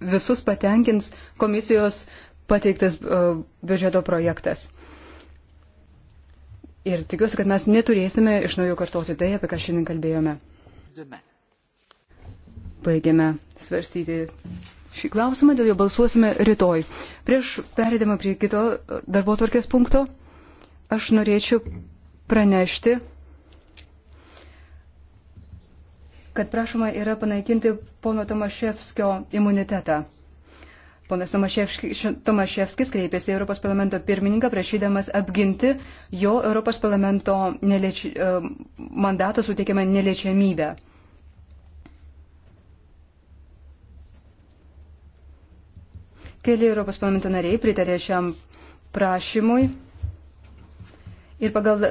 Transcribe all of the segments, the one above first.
visus patenkins komisijos pateiktas e, biudžeto projektas. Ir tikiuosi, kad mes neturėsime iš naujo kartoti tai, apie ką šiandien kalbėjome. Baigėme svarstyti šį klausimą, dėl jo balsuosime rytoj. Prieš perėdama prie kito e, darbo tvarkės punkto, aš norėčiau pranešti kad prašoma yra panaikinti pono Tomaševskio imunitetą. Ponas Tomaševskis kreipėsi į Europos parlamento pirmininką prašydamas apginti jo Europos parlamento nelieč... E, mandato suteikiamą neliečiamybę. Keli Europos parlamento nariai pritarė šiam prašymui ir pagal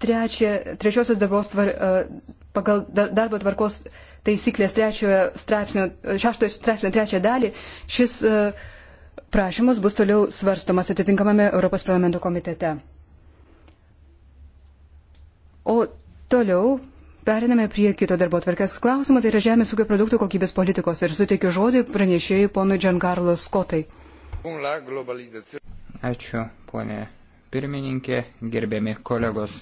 trečia, trečiosios darbos tvar, e, pagal darbo tvarkos taisyklės trečiojo straipsnio, šeštojo straipsnio trečią dalį, šis e, prašymas bus toliau svarstomas atitinkamame Europos parlamento komitete. O toliau periname prie kito darbo tvarkės klausimo, tai yra žemės ūkio produktų kokybės politikos ir suteikiu žodį pranešėjai ponui Giancarlo Skotai. Ačiū, ponė pirmininkė, gerbiami kolegos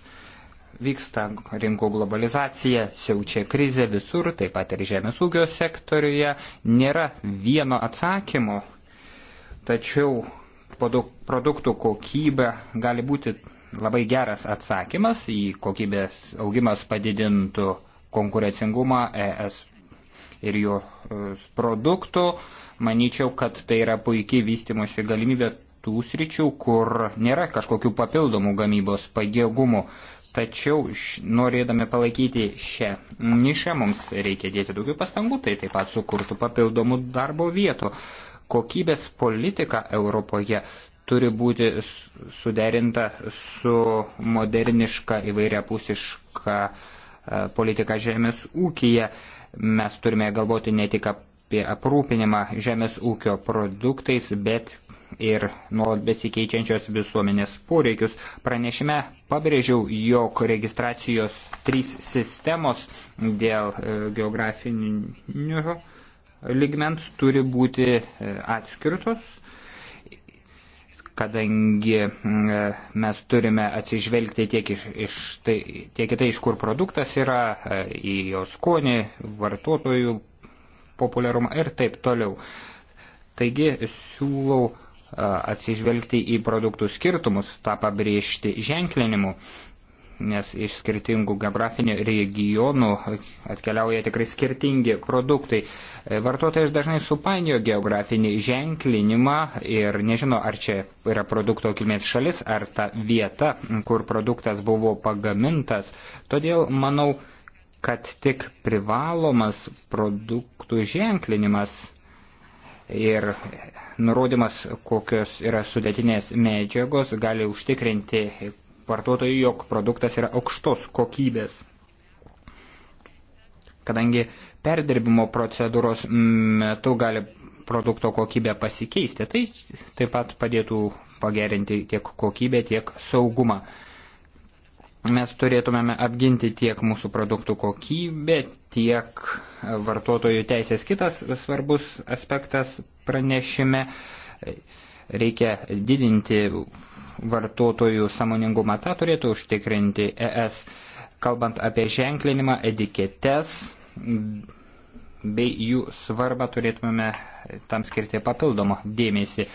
vyksta rinkų globalizacija, siaučia krizė visur, taip pat ir žemės ūkio sektoriuje. Nėra vieno atsakymo, tačiau produktų kokybė gali būti labai geras atsakymas, į kokybės augimas padidintų konkurencingumą ES ir jų e, produktų. Manyčiau, kad tai yra puikiai vystimosi galimybė tų sričių, kur nėra kažkokių papildomų gamybos pajėgumų. Tačiau norėdami palaikyti šią nišą mums reikia dėti daugiau pastangų, tai taip pat sukurtų papildomų darbo vietų. Kokybės politika Europoje turi būti suderinta su moderniška įvairiapusiška e, politika žemės ūkija. Mes turime galvoti ne tik apie aprūpinimą žemės ūkio produktais, bet ir nuolat besikeičiančios visuomenės poreikius. Pranešime pabrėžiau, jog registracijos trys sistemos dėl e, geografinių ligmens turi būti e, atskirtos, kadangi e, mes turime atsižvelgti tiek, iš, iš tai, tiek į tai, iš kur produktas yra, į jo skonį, vartotojų populiarumą ir taip toliau. Taigi siūlau atsižvelgti į produktų skirtumus, tą pabrėžti ženklinimu, nes iš skirtingų geografinių regionų atkeliauja tikrai skirtingi produktai. E, vartotojas dažnai supainio geografinį ženklinimą ir nežino, ar čia yra produkto kilmės šalis, ar ta vieta, kur produktas buvo pagamintas. Todėl manau, kad tik privalomas produktų ženklinimas ir nurodymas, kokios yra sudėtinės medžiagos, gali užtikrinti vartotojui, jog produktas yra aukštos kokybės. Kadangi perdirbimo procedūros metu gali produkto kokybė pasikeisti, tai taip pat padėtų pagerinti tiek kokybę, tiek saugumą mes turėtumėme apginti tiek mūsų produktų kokybę, tiek vartotojų teisės. Kitas svarbus aspektas pranešime reikia didinti vartotojų samoningumą. Ta turėtų užtikrinti ES, kalbant apie ženklinimą, etiketes bei jų svarbą turėtumėme tam skirti papildomą dėmesį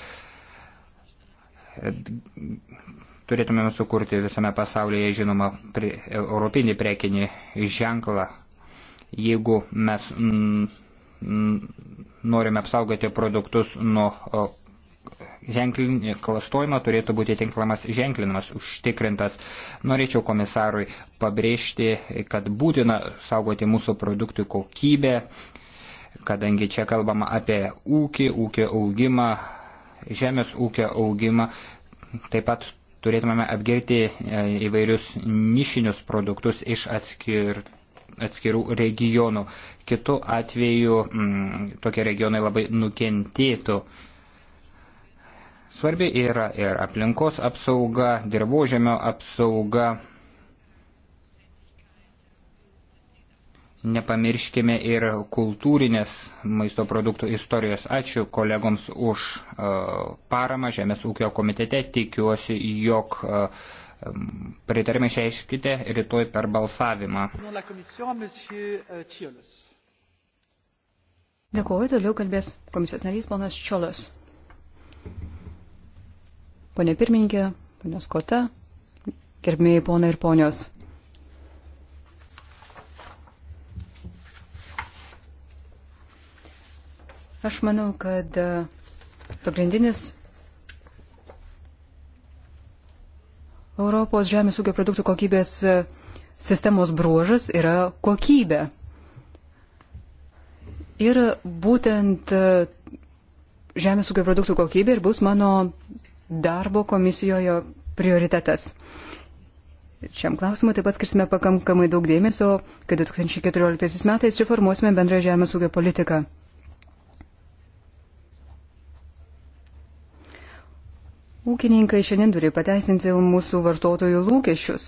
turėtume sukurti visame pasaulyje, žinoma, prie, europinį prekinį ženklą. Jeigu mes m, m, norime apsaugoti produktus nuo o, ženklin, klastojimo, turėtų būti tinklamas ženklinimas užtikrintas. Norėčiau komisarui pabrėžti, kad būtina saugoti mūsų produktų kokybę, kadangi čia kalbama apie ūkį, ūkio augimą, žemės ūkio augimą. Taip pat turėtumėme apgirti e, įvairius nišinius produktus iš atskirų atskirų regionų. Kitu atveju m, mm, tokie regionai labai nukentėtų. Svarbi yra ir aplinkos apsauga, dirbožėmio apsauga, Nepamirškime ir kultūrinės maisto produktų istorijos. Ačiū kolegoms už uh, paramą Žemės ūkio komitete. Tikiuosi, jog uh, e, pritarimą išreiškite rytoj per balsavimą. E, Dėkuoju, toliau kalbės komisijos narys ponas Čiolas. Pone pirmininkė, ponios Kota, gerbėjai ponai ir ponios. Aš manau, kad e, pagrindinis Europos žemės ūkio produktų kokybės e, sistemos bruožas yra kokybė. Ir būtent e, žemės ūkio produktų kokybė ir bus mano darbo komisijoje prioritetas. Šiam klausimui taip pat skirsime pakankamai daug dėmesio, kad 2014 metais reformuosime bendrą žemės ūkio politiką. Ūkininkai šiandien turi pateisinti mūsų vartotojų lūkesčius.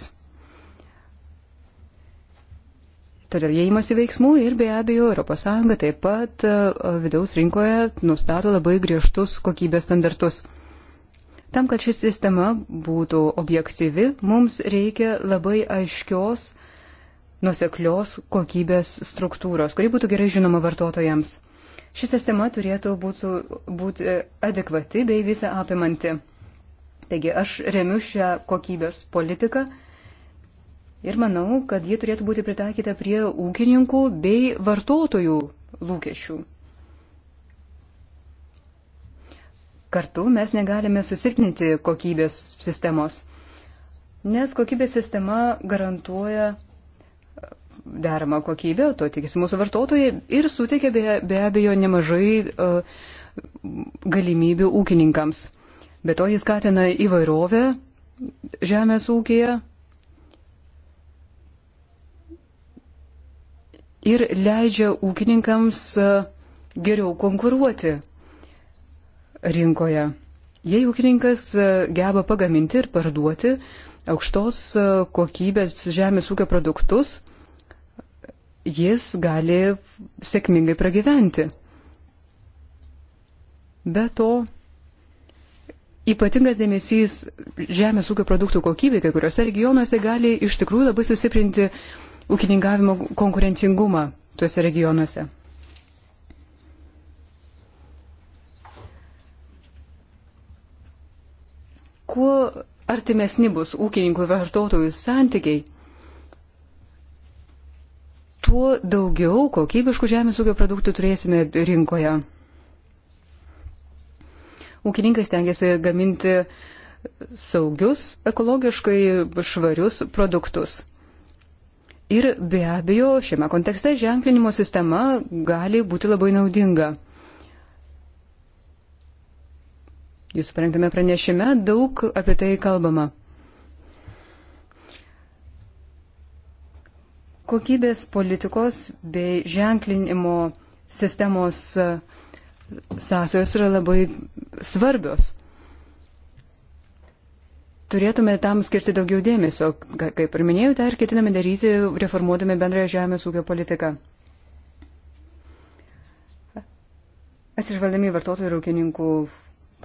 Todėl jie imasi veiksmų ir be abejo ES taip pat e, vidaus rinkoje nustato labai griežtus kokybės standartus. Tam, kad ši sistema būtų objektyvi, mums reikia labai aiškios, nuseklios kokybės struktūros, kuri būtų gerai žinoma vartotojams. Ši sistema turėtų būtų, būti adekvati bei visą apimanti. Taigi aš remiu šią kokybės politiką ir manau, kad ji turėtų būti pritaikyta prie ūkininkų bei vartotojų lūkesčių. Kartu mes negalime susilpninti kokybės sistemos, nes kokybės sistema garantuoja deramą kokybę, to tikisi mūsų vartotojai ir suteikia be, be abejo nemažai uh, galimybių ūkininkams. Be to jis skatina įvairovę žemės ūkėje ir leidžia ūkininkams e, geriau konkuruoti rinkoje. Jei ūkininkas e, geba pagaminti ir parduoti aukštos e, kokybės žemės ūkio produktus, jis gali sėkmingai pragyventi. Be to, Ypatingas dėmesys žemės ūkio produktų kokybė kai kuriuose regionuose gali iš tikrųjų labai sustiprinti ūkininkavimo konkurencingumą tuose regionuose. Kuo artimesni bus ūkininkų ir vartotojų santykiai, tuo daugiau kokybiškų žemės ūkio produktų turėsime rinkoje ūkininkai stengiasi gaminti saugius, ekologiškai švarius produktus. Ir be abejo, šiame kontekste ženklinimo sistema gali būti labai naudinga. Jūsų parengtame pranešime daug apie tai kalbama. Kokybės politikos bei ženklinimo sistemos uh, sąsajos yra labai svarbios. Turėtume tam skirti daugiau dėmesio, kaip ir minėjau, tai ir ketiname daryti, reformuodami bendrąją žemės ūkio politiką. Atsižvaldami vartotojų ir ūkininkų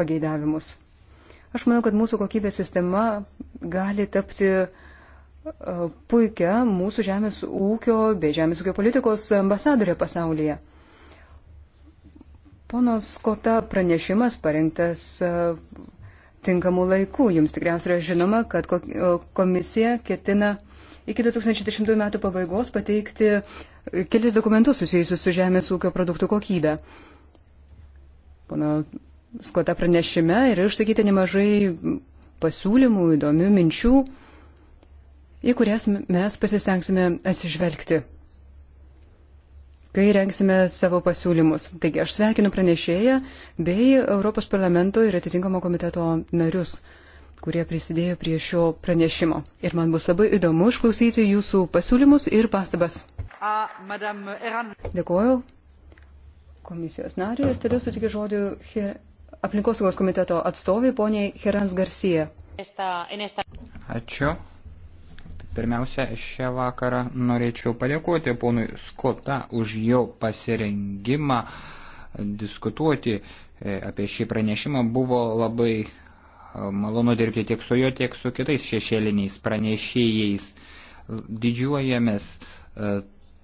pageidavimus. Aš manau, kad mūsų kokybės sistema gali tapti puikia mūsų žemės ūkio bei žemės ūkio politikos ambasadorė pasaulyje. Ponos Kota pranešimas parengtas e, tinkamų laikų. Jums tikriausiai yra žinoma, kad e, komisija ketina iki 2010 metų pabaigos pateikti kelis dokumentus susijusius su žemės ūkio produktų kokybė. Pono Skota pranešime yra išsakyti nemažai pasiūlymų, įdomių minčių, į kurias mes pasistengsime atsižvelgti kai renksime savo pasiūlymus. Taigi aš sveikinu pranešėją bei Europos parlamento ir atitinkamo komiteto narius kurie prisidėjo prie šio pranešimo. Ir man bus labai įdomu išklausyti jūsų pasiūlymus ir pastabas. Dėkuoju komisijos nariui ir toliau sutikiu žodžiu aplinkosaugos komiteto atstovai poniai Herans Garcia. Ačiū. Pirmiausia, šią vakarą norėčiau padėkoti ponui Skota už jo pasirengimą diskutuoti e, apie šį pranešimą. Buvo labai e, malonu dirbti tiek su juo, tiek su kitais šešėliniais pranešėjais. Didžiuojamės e,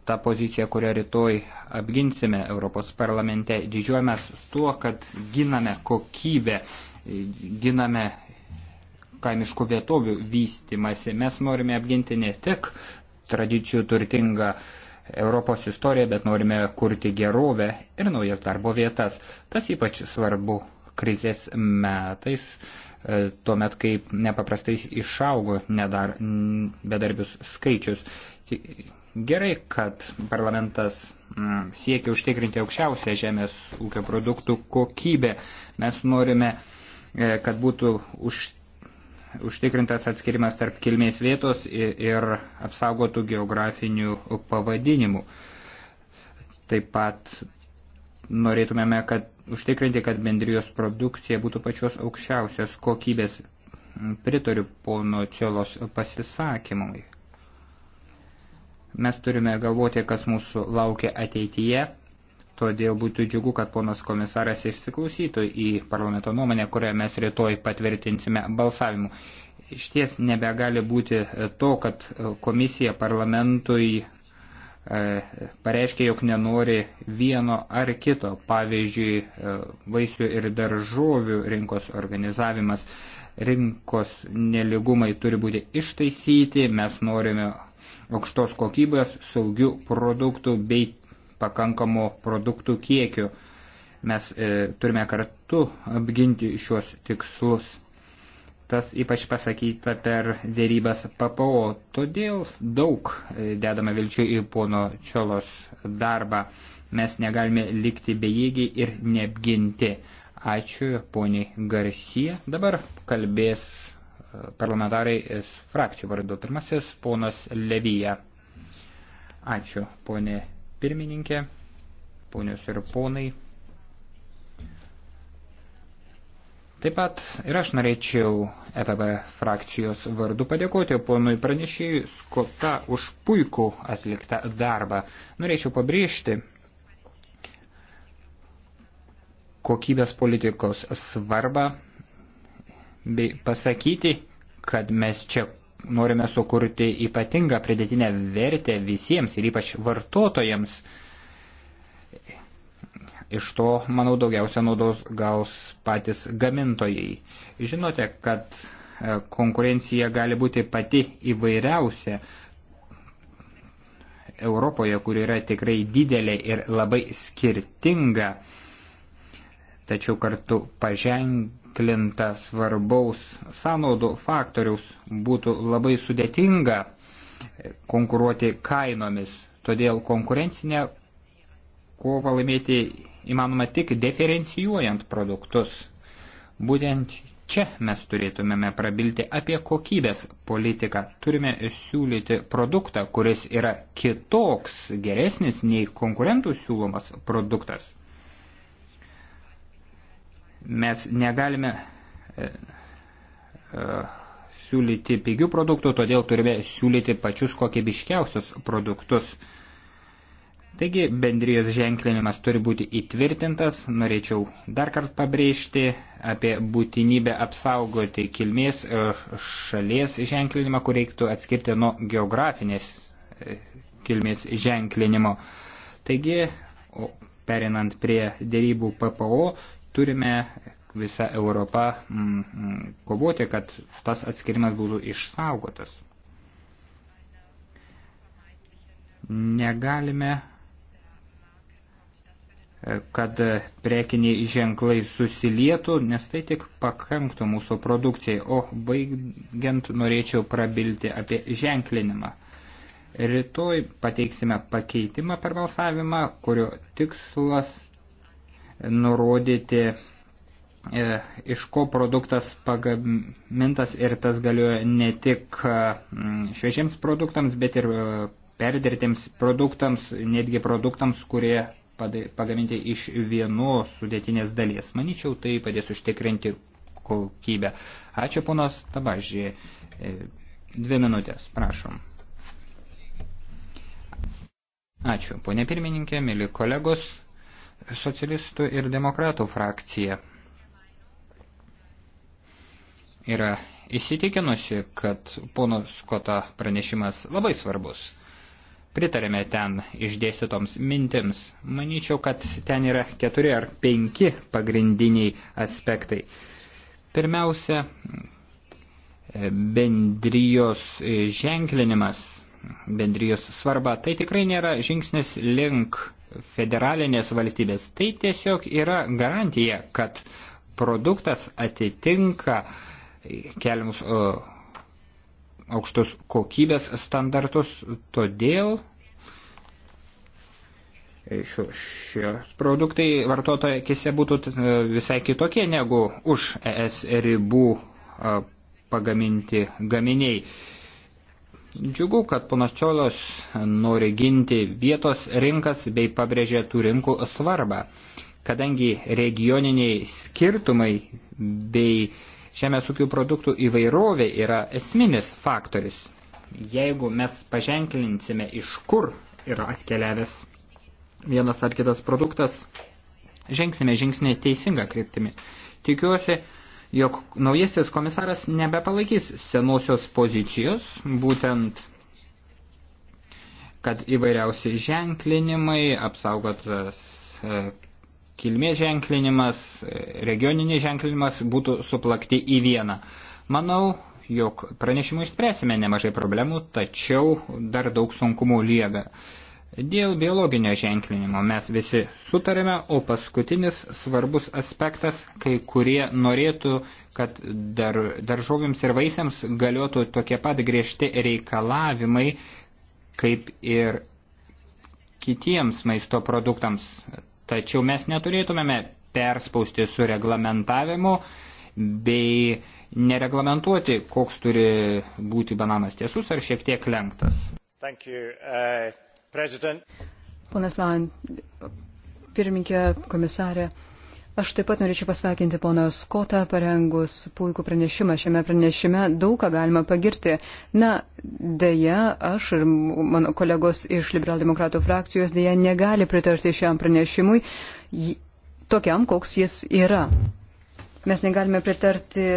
tą poziciją, kurią rytoj apginsime Europos parlamente. Didžiuojamės tuo, kad giname kokybę, giname kaimiškų vietovių vystimasi. Mes norime apginti ne tik tradicijų turtingą Europos istoriją, bet norime kurti gerovę ir naujas darbo vietas. Tas ypač svarbu krizės metais, e, tuomet kaip nepaprastai išaugo nedar, bedarbius skaičius. Gerai, kad parlamentas mm, siekia užtikrinti aukščiausią žemės ūkio produktų kokybę. Mes norime, e, kad būtų užtikrinti užtikrintas atskirimas tarp kilmės vietos ir apsaugotų geografinių pavadinimų. Taip pat norėtumėme, kad užtikrinti, kad bendrijos produkcija būtų pačios aukščiausios kokybės. Pritariu pono Čiolos pasisakymui. Mes turime galvoti, kas mūsų laukia ateityje, Todėl būtų džiugu, kad ponas komisaras išsiklausytų į parlamento nuomonę, kurią mes rytoj patvirtinsime balsavimu. Iš ties nebegali būti to, kad komisija parlamentui e, pareiškia, jog nenori vieno ar kito, pavyzdžiui, e, vaisių ir daržovių rinkos organizavimas. Rinkos neligumai turi būti ištaisyti, mes norime aukštos kokybės, saugių produktų bei pakankamu produktų kiekiu. Mes e, turime kartu apginti šios tikslus. Tas ypač pasakyta per dėrybas PPO. Todėl daug e, dedame vilčių į pono Čiolos darbą. Mes negalime likti bejėgiai ir neapginti. Ačiū poniai Garsija. Dabar kalbės e, parlamentarai frakcijų vardu. Pirmasis ponas Levyja. Ačiū ponė pirmininkė, ponios ir ponai. Taip pat ir aš norėčiau EPB frakcijos vardu padėkoti ponui pranešėjui Skota už puikų atliktą darbą. Norėčiau pabrėžti kokybės politikos svarbą bei pasakyti, kad mes čia norime sukurti ypatingą pridėtinę vertę visiems ir ypač vartotojams. Iš to, manau, daugiausia naudos gaus patys gamintojai. Žinote, kad e, konkurencija gali būti pati įvairiausia Europoje, kur yra tikrai didelė ir labai skirtinga, tačiau kartu paženg įtinklinta svarbaus sąnaudų faktoriaus būtų labai sudėtinga konkuruoti kainomis. Todėl konkurencinę kovą laimėti įmanoma tik diferencijuojant produktus. Būtent čia mes turėtumėme prabilti apie kokybės politiką. Turime siūlyti produktą, kuris yra kitoks, geresnis nei konkurentų siūlomas produktas. Mes negalime e, e, siūlyti pigių produktų, todėl turime siūlyti pačius kokybiškiausius produktus. Taigi bendrijos ženklinimas turi būti įtvirtintas, norėčiau dar kart pabrėžti apie būtinybę apsaugoti kilmės e, šalies ženklinimą, kur reiktų atskirti nuo geografinės kilmės ženklinimo. Taigi, perinant prie dėrybų PPO, turime visą Europą mm, mm, kovoti, kad tas atskirimas būtų išsaugotas. Negalime, e, kad prekiniai ženklai susilietų, nes tai tik pakenktų mūsų produkcijai. O baigiant norėčiau prabilti apie ženklinimą. Rytoj pateiksime pakeitimą per balsavimą, kurio tikslas nurodyti, e, iš ko produktas pagamintas ir tas galioja ne tik e, šviežiems produktams, bet ir e, perdirtiems produktams, netgi produktams, kurie pagaminti iš vienos sudėtinės dalies. Manyčiau, tai padės užtikrinti kokybę. Ačiū, ponas Tabažį. Dvi minutės, prašom. Ačiū, ponė pirmininkė, mėly kolegos socialistų ir demokratų frakcija yra įsitikinusi, kad pono Skota pranešimas labai svarbus. Pritarėme ten išdėstytoms mintims. Manyčiau, kad ten yra keturi ar penki pagrindiniai aspektai. Pirmiausia, bendrijos ženklinimas, bendrijos svarba. Tai tikrai nėra žingsnis link federalinės valstybės. Tai tiesiog yra garantija, kad produktas atitinka keliamus aukštus kokybės standartus, todėl šio, šios produktai vartotojo akise būtų e, visai kitokie negu už ES ribų pagaminti gaminiai. Džiugu, kad ponas Čiolios nori ginti vietos rinkas bei pabrėžė tų rinkų svarbą, kadangi regioniniai skirtumai bei žemės ūkių produktų įvairovė yra esminis faktorius. Jeigu mes paženklinsime, iš kur yra atkeliavęs vienas ar kitas produktas, žengsime žingsnį teisingą kryptimį. Tikiuosi, jog naujasis komisaras nebepalaikys senosios pozicijos, būtent kad įvairiausi ženklinimai, apsaugotas e, kilmės ženklinimas, e, regioninis ženklinimas būtų suplakti į vieną. Manau, jog pranešimu išspręsime nemažai problemų, tačiau dar daug sunkumų lieka. Dėl biologinio ženklinimo mes visi sutarėme, o paskutinis svarbus aspektas, kai kurie norėtų, kad dar, daržovėms ir vaisiams galiotų tokie pat griežti reikalavimai, kaip ir kitiems maisto produktams. Tačiau mes neturėtumėme perspausti su reglamentavimu bei nereglamentuoti, koks turi būti bananas tiesus ar šiek tiek lenktas. Thank you. Uh... Ponas Lain, pirmininkė, komisarė. Aš taip pat norėčiau pasveikinti poną Skotą, parengus puikų pranešimą. Šiame pranešime daug ką galima pagirti. Na, dėja, aš ir mano kolegos iš liberaldemokratų frakcijos dėja negali pritarti šiam pranešimui tokiam, koks jis yra. Mes negalime pritarti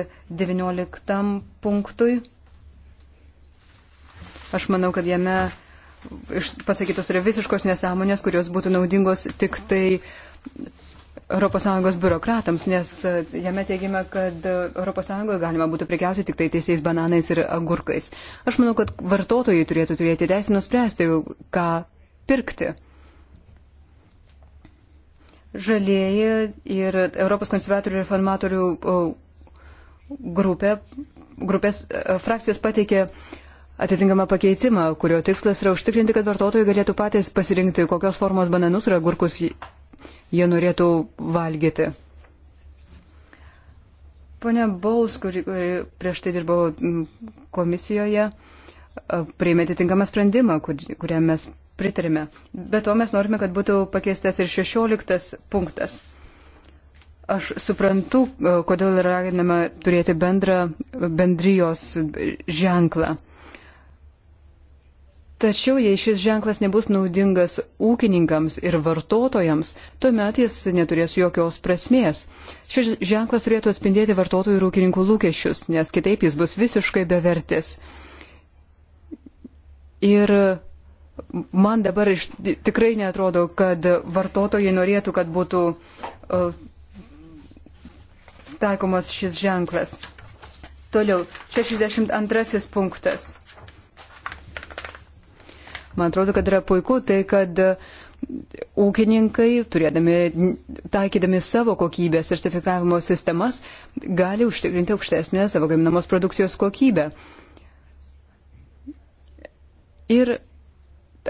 19 punktui. Aš manau, kad jame pasakytos yra visiškos nesąmonės, kurios būtų naudingos tik tai ES biurokratams, nes e, jame teigiame, kad e, ES galima būtų prikiauti tik tai teisėjais bananais ir agurkais. Aš manau, kad vartotojai turėtų turėti teisę nuspręsti, ką pirkti. Žalieji ir Europos konservatorių reformatorių grupė, grupės e, frakcijos pateikė uh, atitinkamą pakeitimą, kurio tikslas yra užtikrinti, kad vartotojai galėtų patys pasirinkti, kokios formos bananus ir agurkus jie norėtų valgyti. Pone Baus, kuri, kuri prieš tai dirbo komisijoje, priėmė atitinkamą sprendimą, kur, kuriam mes pritarėme. Be to mes norime, kad būtų pakeistas ir 16 punktas. Aš suprantu, kodėl yra raginama turėti bendrą bendrijos ženklą. Tačiau jei šis ženklas nebus naudingas ūkininkams ir vartotojams, tuomet jis neturės jokios prasmės. Šis ženklas turėtų atspindėti vartotojų ir ūkininkų lūkesčius, nes kitaip jis bus visiškai bevertis. Ir man dabar iš, tikrai netrodo, kad vartotojai norėtų, kad būtų uh, taikomas šis ženklas. Toliau, 62 punktas. Man atrodo, kad yra puiku tai, kad ūkininkai, turėdami, taikydami savo kokybės ir sertifikavimo sistemas, gali užtikrinti aukštesnę savo gaminamos produkcijos kokybę. Ir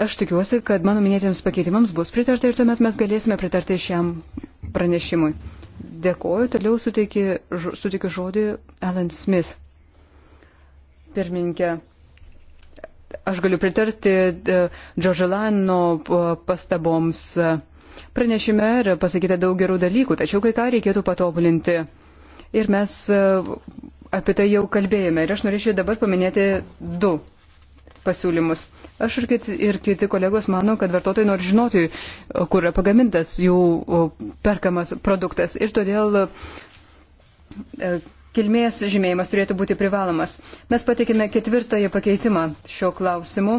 aš tikiuosi, kad mano minėtiems pakeitimams bus pritarta ir tuomet mes galėsime pritarti šiam pranešimui. Dėkoju, toliau suteikiu žodį Alan Smith. Pirmininkė, aš galiu pritarti Džoželano e, e, pastaboms. E, pranešime yra pasakyta daug gerų dalykų, tačiau kai ką reikėtų patobulinti. Ir mes apie tai jau kalbėjome. Ir aš norėčiau dabar paminėti du pasiūlymus. Aš ir kiti, ir kiti kolegos mano, kad vartotojai nori žinoti, kur yra pagamintas jų perkamas produktas. Ir todėl kilmės žymėjimas turėtų būti privalomas. Mes pateikėme ketvirtąjį pakeitimą šio klausimu,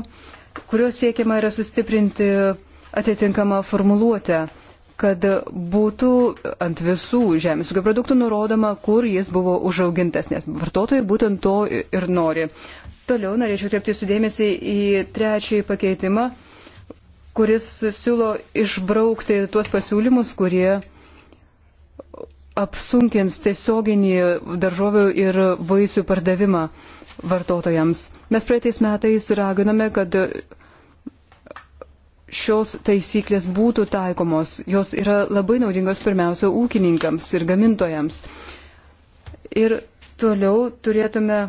kuriuo siekiama yra sustiprinti atitinkamą formuluotę, kad būtų ant visų žemės ūkio produktų nurodoma, kur jis buvo užaugintas, nes vartotojai būtent to ir nori. Toliau norėčiau kreipti sudėmėsi į trečiąjį pakeitimą, kuris siūlo išbraukti tuos pasiūlymus, kurie apsunkins tiesioginį daržovių ir vaisių pardavimą vartotojams. Mes praeitais metais raginame, kad šios taisyklės būtų taikomos. Jos yra labai naudingos pirmiausia ūkininkams ir gamintojams. Ir toliau turėtume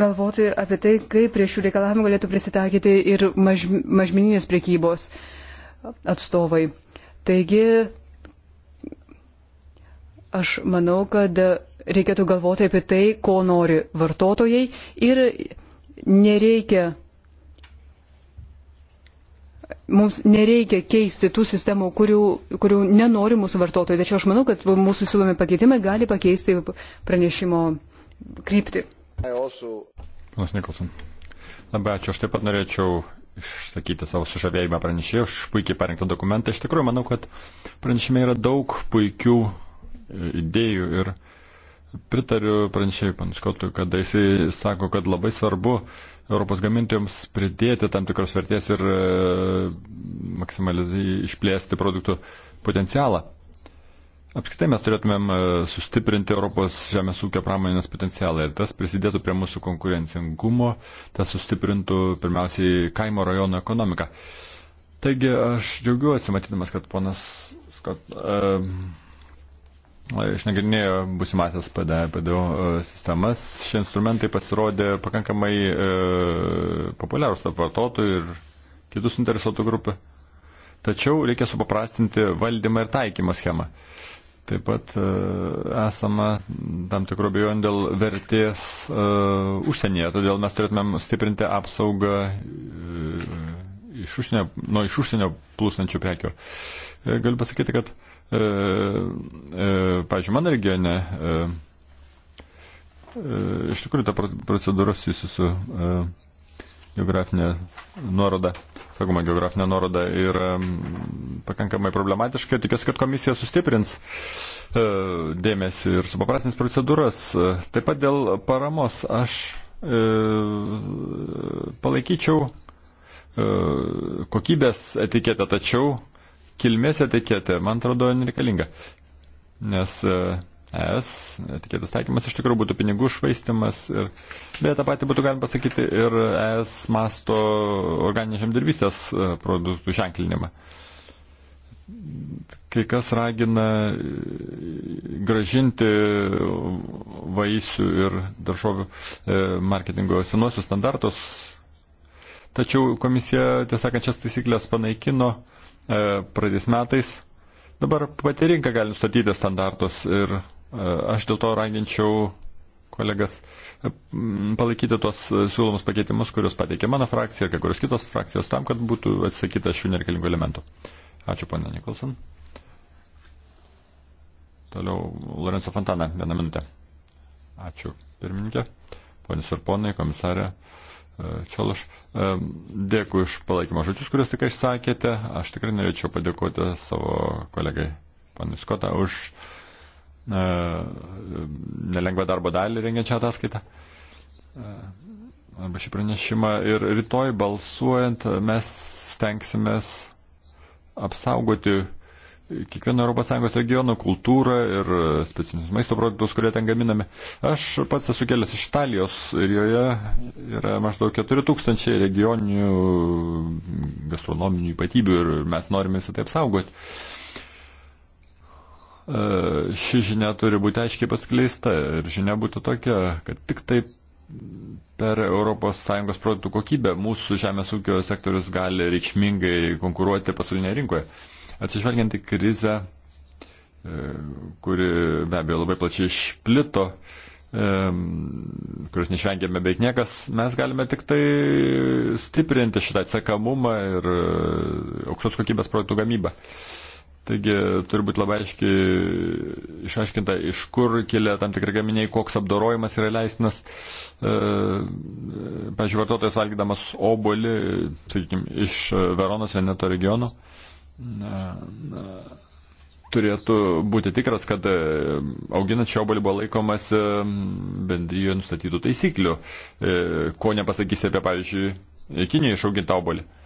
galvoti apie tai, kaip prie šių reikalavimų galėtų prisitaikyti ir maž, mažmeninės priekybos atstovai. Uh, Taigi, aš manau, kad reikėtų galvoti apie tai, ko nori vartotojai ir nereikia, mums nereikia keisti tų sistemų, kurių, kurių nenori mūsų vartotojai. Tačiau aš manau, kad mūsų siūlomi pakeitimai gali pakeisti pranešimo kryptį. Ponas Nikolson. Labai ačiū. Aš taip pat norėčiau išsakyti savo sužavėjimą pranešėjų už puikiai parengtą dokumentą. Iš tikrųjų, manau, kad pranešime yra daug puikių e, idėjų ir pritariu pranešėjui Panskotui, kad jisai sako, kad labai svarbu Europos gamintojams pridėti tam tikros vertės ir e, maksimaliai išplėsti produktų potencialą. Apskritai mes turėtumėm e, sustiprinti Europos žemės ūkio pramonės potencialą ir tas prisidėtų prie mūsų konkurencingumo, tas sustiprintų pirmiausiai kaimo rajono ekonomiką. Taigi aš džiaugiuosi matydamas, kad ponas Skot e, e, išnagrinėjo busimasis PDO e, sistemas. Šie instrumentai pasirodė pakankamai e, populiarūs tarp vartotojų ir kitus interesuotų grupių. Tačiau reikia supaprastinti valdymą ir taikymo schemą. E, Taip pat e, esama tam tikro bejonių dėl vertės uh, užsienyje, todėl mes turėtumėm stiprinti apsaugą uh, iš užsienio, nuo iš užsienio plūstančių prekių. Uh, galiu pasakyti, kad, uh, uh, pažiūrėjau, mano regione uh, iš tikrųjų ta procedūra susijusi su geografinė nuoroda sakoma, geografinė nuoroda yra pakankamai problematiška. Tikiuosi, kad komisija sustiprins e, dėmesį ir supaprastins procedūras. E, taip pat dėl paramos aš e, palaikyčiau kokybės etiketę, tačiau kilmės etiketė, man atrodo, nereikalinga. Nes ES, netikėtas taikymas iš tikrųjų būtų pinigų švaistimas, ir, bet tą patį būtų galima pasakyti ir ES masto organinės žemdirbystės e, produktų ženklinimą. Kai kas ragina e, gražinti vaisių ir daržovių e, marketingo senuosius standartus, tačiau komisija, tiesąkant, šias taisyklės panaikino pradės metais. Dabar pati rinka gali nustatyti standartus ir Aš dėl to raginčiau kolegas e, palaikyti tos e, siūlomus pakeitimus, kuriuos pateikė mano frakcija ir kai kurios kitos frakcijos, tam, kad būtų atsakyta šių nereikalingų elementų. Ačiū, ponė Nikolson. Toliau Lorenzo Fontana, vieną minutę. Ačiū, pirmininkė. Ponis ir ponai, komisarė. E, Čiološ, dėkui už palaikymą žodžius, kuriuos tik išsakėte. Aš tikrai norėčiau padėkoti savo kolegai, panui Skota, už uh, E, nelengvą darbo dalį rengiančią ataskaitą e, arba šį pranešimą ir rytoj balsuojant mes stengsimės apsaugoti kiekvieno ES regiono kultūrą ir specifinius maisto produktus, kurie ten gaminami. Aš pats esu kelias iš Italijos ir joje yra maždaug 4000 regioninių gastronominių ypatybių ir mes norime visą tai apsaugoti. E, ši žinia turi būti aiškiai paskleista ir žinia būtų tokia, kad tik taip per ES produktų kokybę mūsų žemės ūkio sektorius gali reikšmingai konkuruoti pasaulinėje rinkoje. Atsižvelgiant į krizę, e, kuri be abejo labai plačiai išplito, e, kuris neišvengiame beveik niekas, mes galime tik tai stiprinti šitą atsekamumą ir aukštos kokybės produktų gamybą. Taigi turi būti labai aiškiai išaiškinta, iš kur kilia tam tikri gaminiai, koks apdorojimas yra leistinas. E, Pavyzdžiui, vartotojas valgydamas obolį, sakykime, iš Veronos Veneto regiono. E, e, turėtų būti tikras, kad e, auginant šiobalį buvo laikomas mm, bendryje nustatytų taisyklių, e, ko nepasakysi apie, pavyzdžiui, Kinijoje išaugintą obolį. E,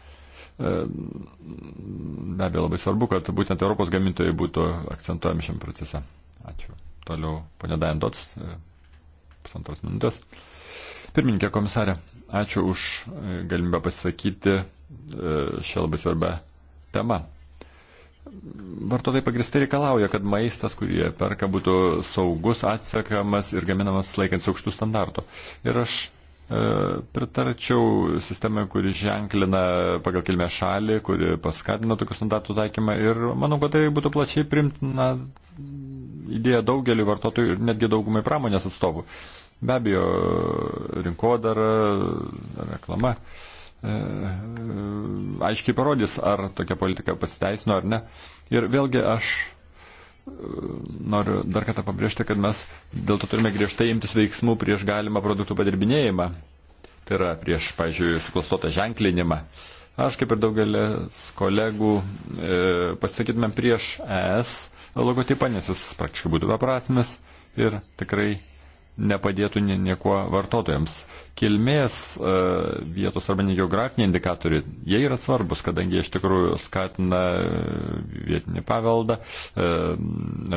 Be abejo, labai svarbu, kad būtent Europos gamintojai būtų akcentuojami šiam procese. Ačiū. Toliau, ponė Dajandots, pusantros minutės. Pirmininkė komisarė, ačiū už e, galimybę pasisakyti e, šią labai svarbę temą. Vartotojai pagristai reikalauja, kad maistas, kurį jie perka, būtų saugus, atsekamas ir gaminamas laikant aukštų standartų. Ir aš E, pritarčiau sistemai, kuri ženklina pagal kilmę šalį, kuri paskatina tokių standartų taikymą ir manau, kad tai būtų plačiai primtina idėja daugeliu vartotojų ir netgi daugumai pramonės atstovų. Be abejo, rinkodara, reklama e, aiškiai parodys, ar tokia politika pasiteisino ar ne. Ir vėlgi aš noriu dar kartą pabrėžti, kad mes dėl to turime griežtai imtis veiksmų prieš galimą produktų padirbinėjimą. Tai yra prieš, pažiūrėjau, suklastotą ženklinimą. Aš kaip ir daugelis kolegų e, pasisakytumėm prieš ES logotipą, nes jis praktiškai būtų beprasmis ir tikrai nepadėtų nieko vartotojams. Kilmės e, vietos arba geografiniai indikatoriai, jie yra svarbus, kadangi jie iš tikrųjų skatina e, vietinį paveldą, e,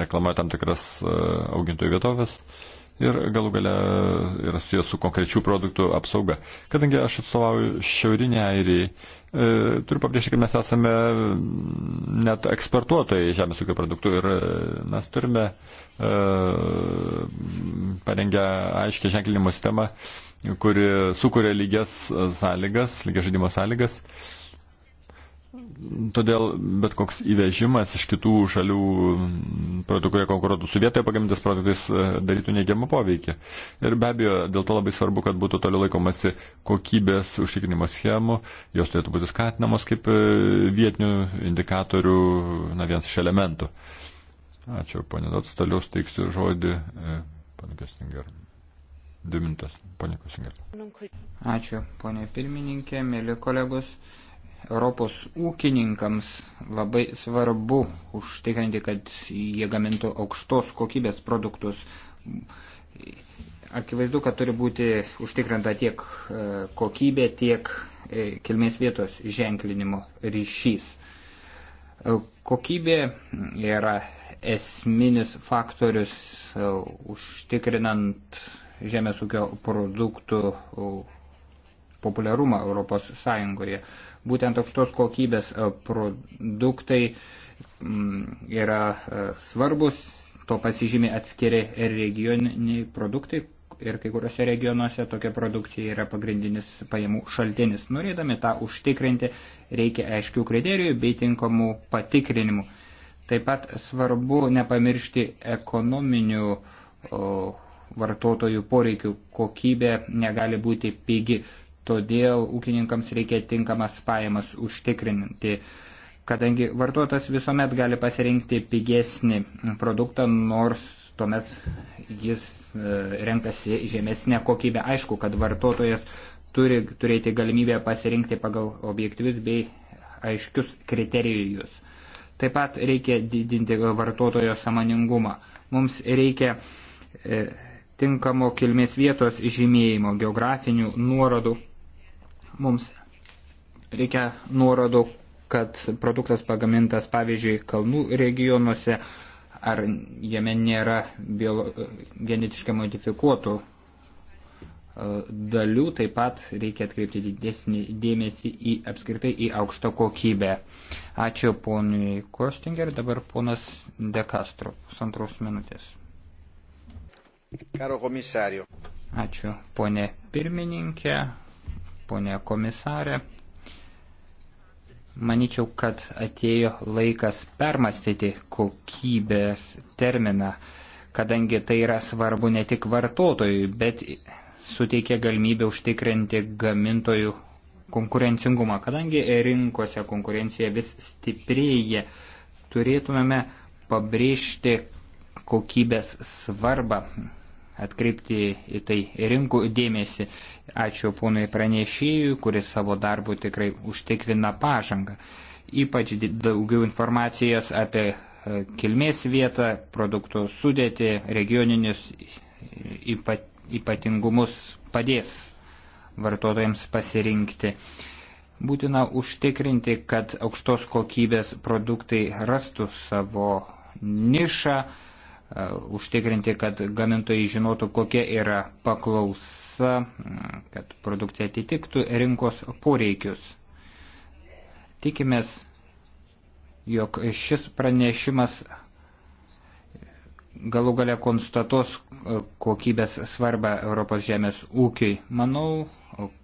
reklamuoja tam tikras augintojų vietovės ir galų gale yra susijęs su konkrečių produktų apsauga. Kadangi aš atstovauju Šiaurinė Airijai, e, turiu pabrėžti, kad mes esame net eksportuotojai žemės ūkio produktų ir e, mes turime e, parengę aiškę ženklinimo sistemą, kuri sukuria lygias sąlygas, lygias žaidimo sąlygas. E, Todėl bet koks įvežimas iš kitų šalių produktų, kurie konkuruotų su vietoje pagamintais produktais, e, darytų neigiamą poveikį. Ir be abejo, dėl to labai svarbu, kad būtų toliau laikomasi kokybės užtikrinimo schemų, jos turėtų būti skatinamos kaip e, vietinių indikatorių, na, vienas iš elementų. Ačiū, ponė Dots, toliau steiksiu žodį, e, ponė Kestinger. Dvi mintas, ponė Kestinger. Ačiū, ponė pirmininkė, mėly kolegos. Europos ūkininkams labai svarbu užtikrinti, kad jie gamintų aukštos kokybės produktus. Akivaizdu, kad turi būti užtikrinta tiek e, kokybė, tiek e, kilmės vietos ženklinimo ryšys. E, kokybė yra esminis faktorius užtikrinant žemės ūkio produktų populiarumą Europos Sąjungoje. Būtent aukštos kokybės e, produktai mm, yra e, svarbus, to pasižymė atskiri regioniniai produktai ir kai kuriuose regionuose tokia produkcija yra pagrindinis pajamų šaltinis. Norėdami tą užtikrinti, reikia aiškių kriterijų bei tinkamų patikrinimų. Taip pat svarbu nepamiršti ekonominių o, vartotojų poreikių. Kokybė negali būti pigi todėl ūkininkams reikia tinkamas pajamas užtikrinti. Kadangi vartotojas visuomet gali pasirinkti pigesnį produktą, nors tuomet jis e, renkasi žemesnę kokybę. Aišku, kad vartotojas turi turėti galimybę pasirinkti pagal objektyvius bei aiškius kriterijus. Taip pat reikia didinti vartotojo samoningumą. Mums reikia e, tinkamo kilmės vietos žymėjimo, geografinių nuorodų Mums reikia nuorodų, kad produktas pagamintas, pavyzdžiui, kalnų regionuose, ar jame nėra biolo, genetiškai modifikuotų e, dalių, taip pat reikia atkreipti didesnį dėmesį į apskritai į aukštą kokybę. Ačiū ponui Kostinger, dabar ponas De Castro, pusantros minutės. Karo komisario. Ačiū ponė pirmininkė, ponė komisarė. Maničiau, kad atėjo laikas permastyti kokybės terminą, kadangi tai yra svarbu ne tik vartotojui, bet suteikia galimybę užtikrinti gamintojų konkurencingumą. Kadangi rinkose konkurencija vis stiprėja, turėtumėme pabrėžti kokybės svarbą, atkreipti į tai rinkų dėmesį Ačiū ponui pranešėjui, kuris savo darbu tikrai užtikrina pažangą. Ypač daugiau informacijos apie e, kilmės vietą, produktų sudėti, regioninius ypatingumus padės vartotojams pasirinkti. Būtina užtikrinti, kad aukštos kokybės produktai rastų savo nišą Uh, užtikrinti, kad gamintojai žinotų, kokia yra paklausa, mm, kad produkcija atitiktų rinkos poreikius. Tikimės, jog šis pranešimas galų gale konstatos uh, kokybės svarbą Europos žemės ūkiui. Manau,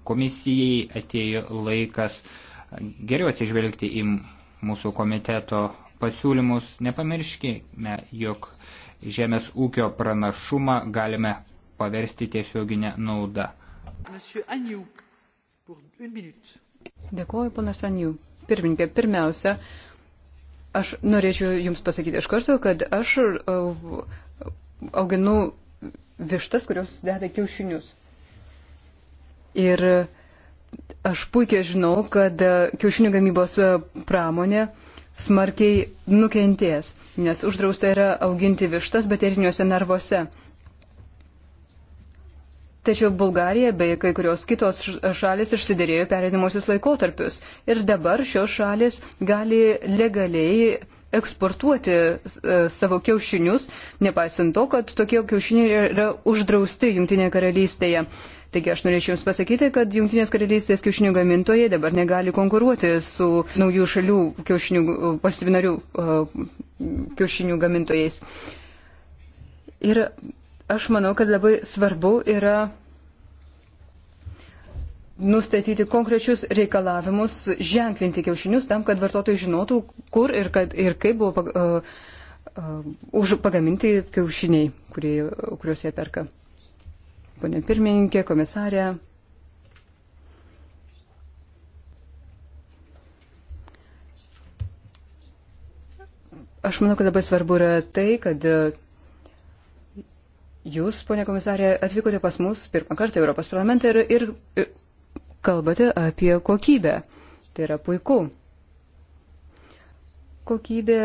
komisijai atėjo laikas geriau atsižvelgti į mūsų komiteto pasiūlymus. Nepamirškime, jog žemės ūkio pranašumą galime paversti tiesioginę naudą. Dėkuoju, panas Anjų. Pirmininkė, pirmiausia, aš norėčiau Jums pasakyti iš karto, kad aš uh, auginu vištas, kurios deda kiaušinius. Ir aš puikiai žinau, kad uh, kiaušinių gamybos uh, pramonė smarkiai nukentės, nes uždrausta yra auginti vištas bateriniuose narvuose. Tačiau Bulgarija bei kai kurios kitos šalis išsiderėjo perėdimuosius laikotarpius ir dabar šios šalis gali legaliai eksportuoti e, savo kiaušinius, nepaisant to, kad tokie kiaušiniai yra uždrausti Junktinėje karalystėje. Taigi aš norėčiau Jums pasakyti, kad Junktinės karalystės kiaušinių gamintojai dabar negali konkuruoti su naujų šalių kiaušinių, valstybinarių e, kiaušinių gamintojais. Ir aš manau, kad labai svarbu yra nustatyti konkrečius reikalavimus, ženklinti kiaušinius tam, kad vartotojai žinotų, kur ir, kad, ir kaip buvo pag, uh, uh, už pagaminti kiaušiniai, kurie, kuriuos jie perka. Pone pirmininkė, komisarė. Aš manau, kad labai svarbu yra tai, kad jūs, ponė komisarė, atvykote pas mus pirmą kartą Europos parlamentą ir, ir, ir kalbate apie kokybę. Tai yra puiku. Kokybė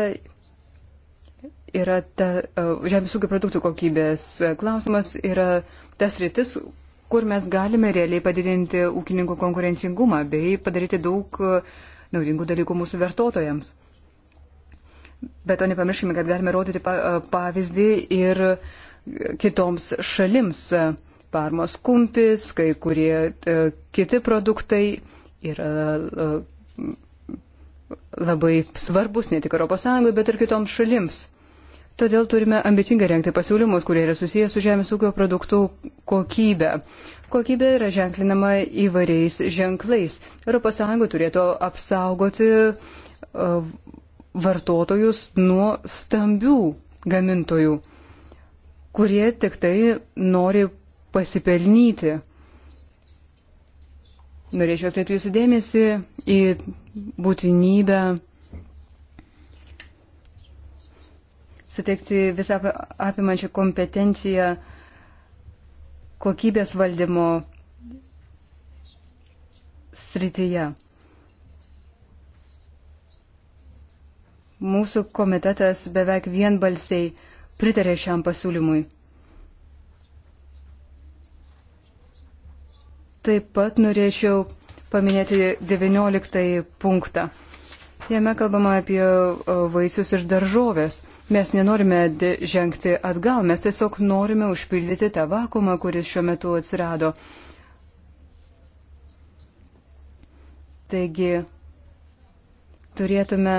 yra ta, e, žemės ūkio produktų kokybės klausimas yra tas rytis, kur mes galime realiai padidinti ūkininkų konkurencingumą bei padaryti daug e, naudingų dalykų mūsų vartotojams. Bet to nepamirškime, kad galime rodyti e, pavyzdį ir kitoms šalims parmos kumpis, kai kurie e, kiti produktai yra e, labai svarbus ne tik ES, bet ir kitoms šalims. Todėl turime ambicingai renkti pasiūlymus, kurie yra susijęs su žemės ūkio produktų kokybė. Kokybė yra ženklinama įvairiais ženklais. ES turėtų apsaugoti e, vartotojus nuo stambių gamintojų, kurie tik tai nori pasipelnyti. Norėčiau atkreipti jūsų dėmesį į būtinybę suteikti visą apimančią kompetenciją kokybės valdymo srityje. Mūsų komitetas beveik vienbalsiai pritarė šiam pasiūlymui. Taip pat norėčiau paminėti 19 punktą. Jame kalbama apie vaisius ir daržovės. Mes nenorime žengti atgal, mes tiesiog norime užpildyti tą vakumą, kuris šiuo metu atsirado. Taigi turėtume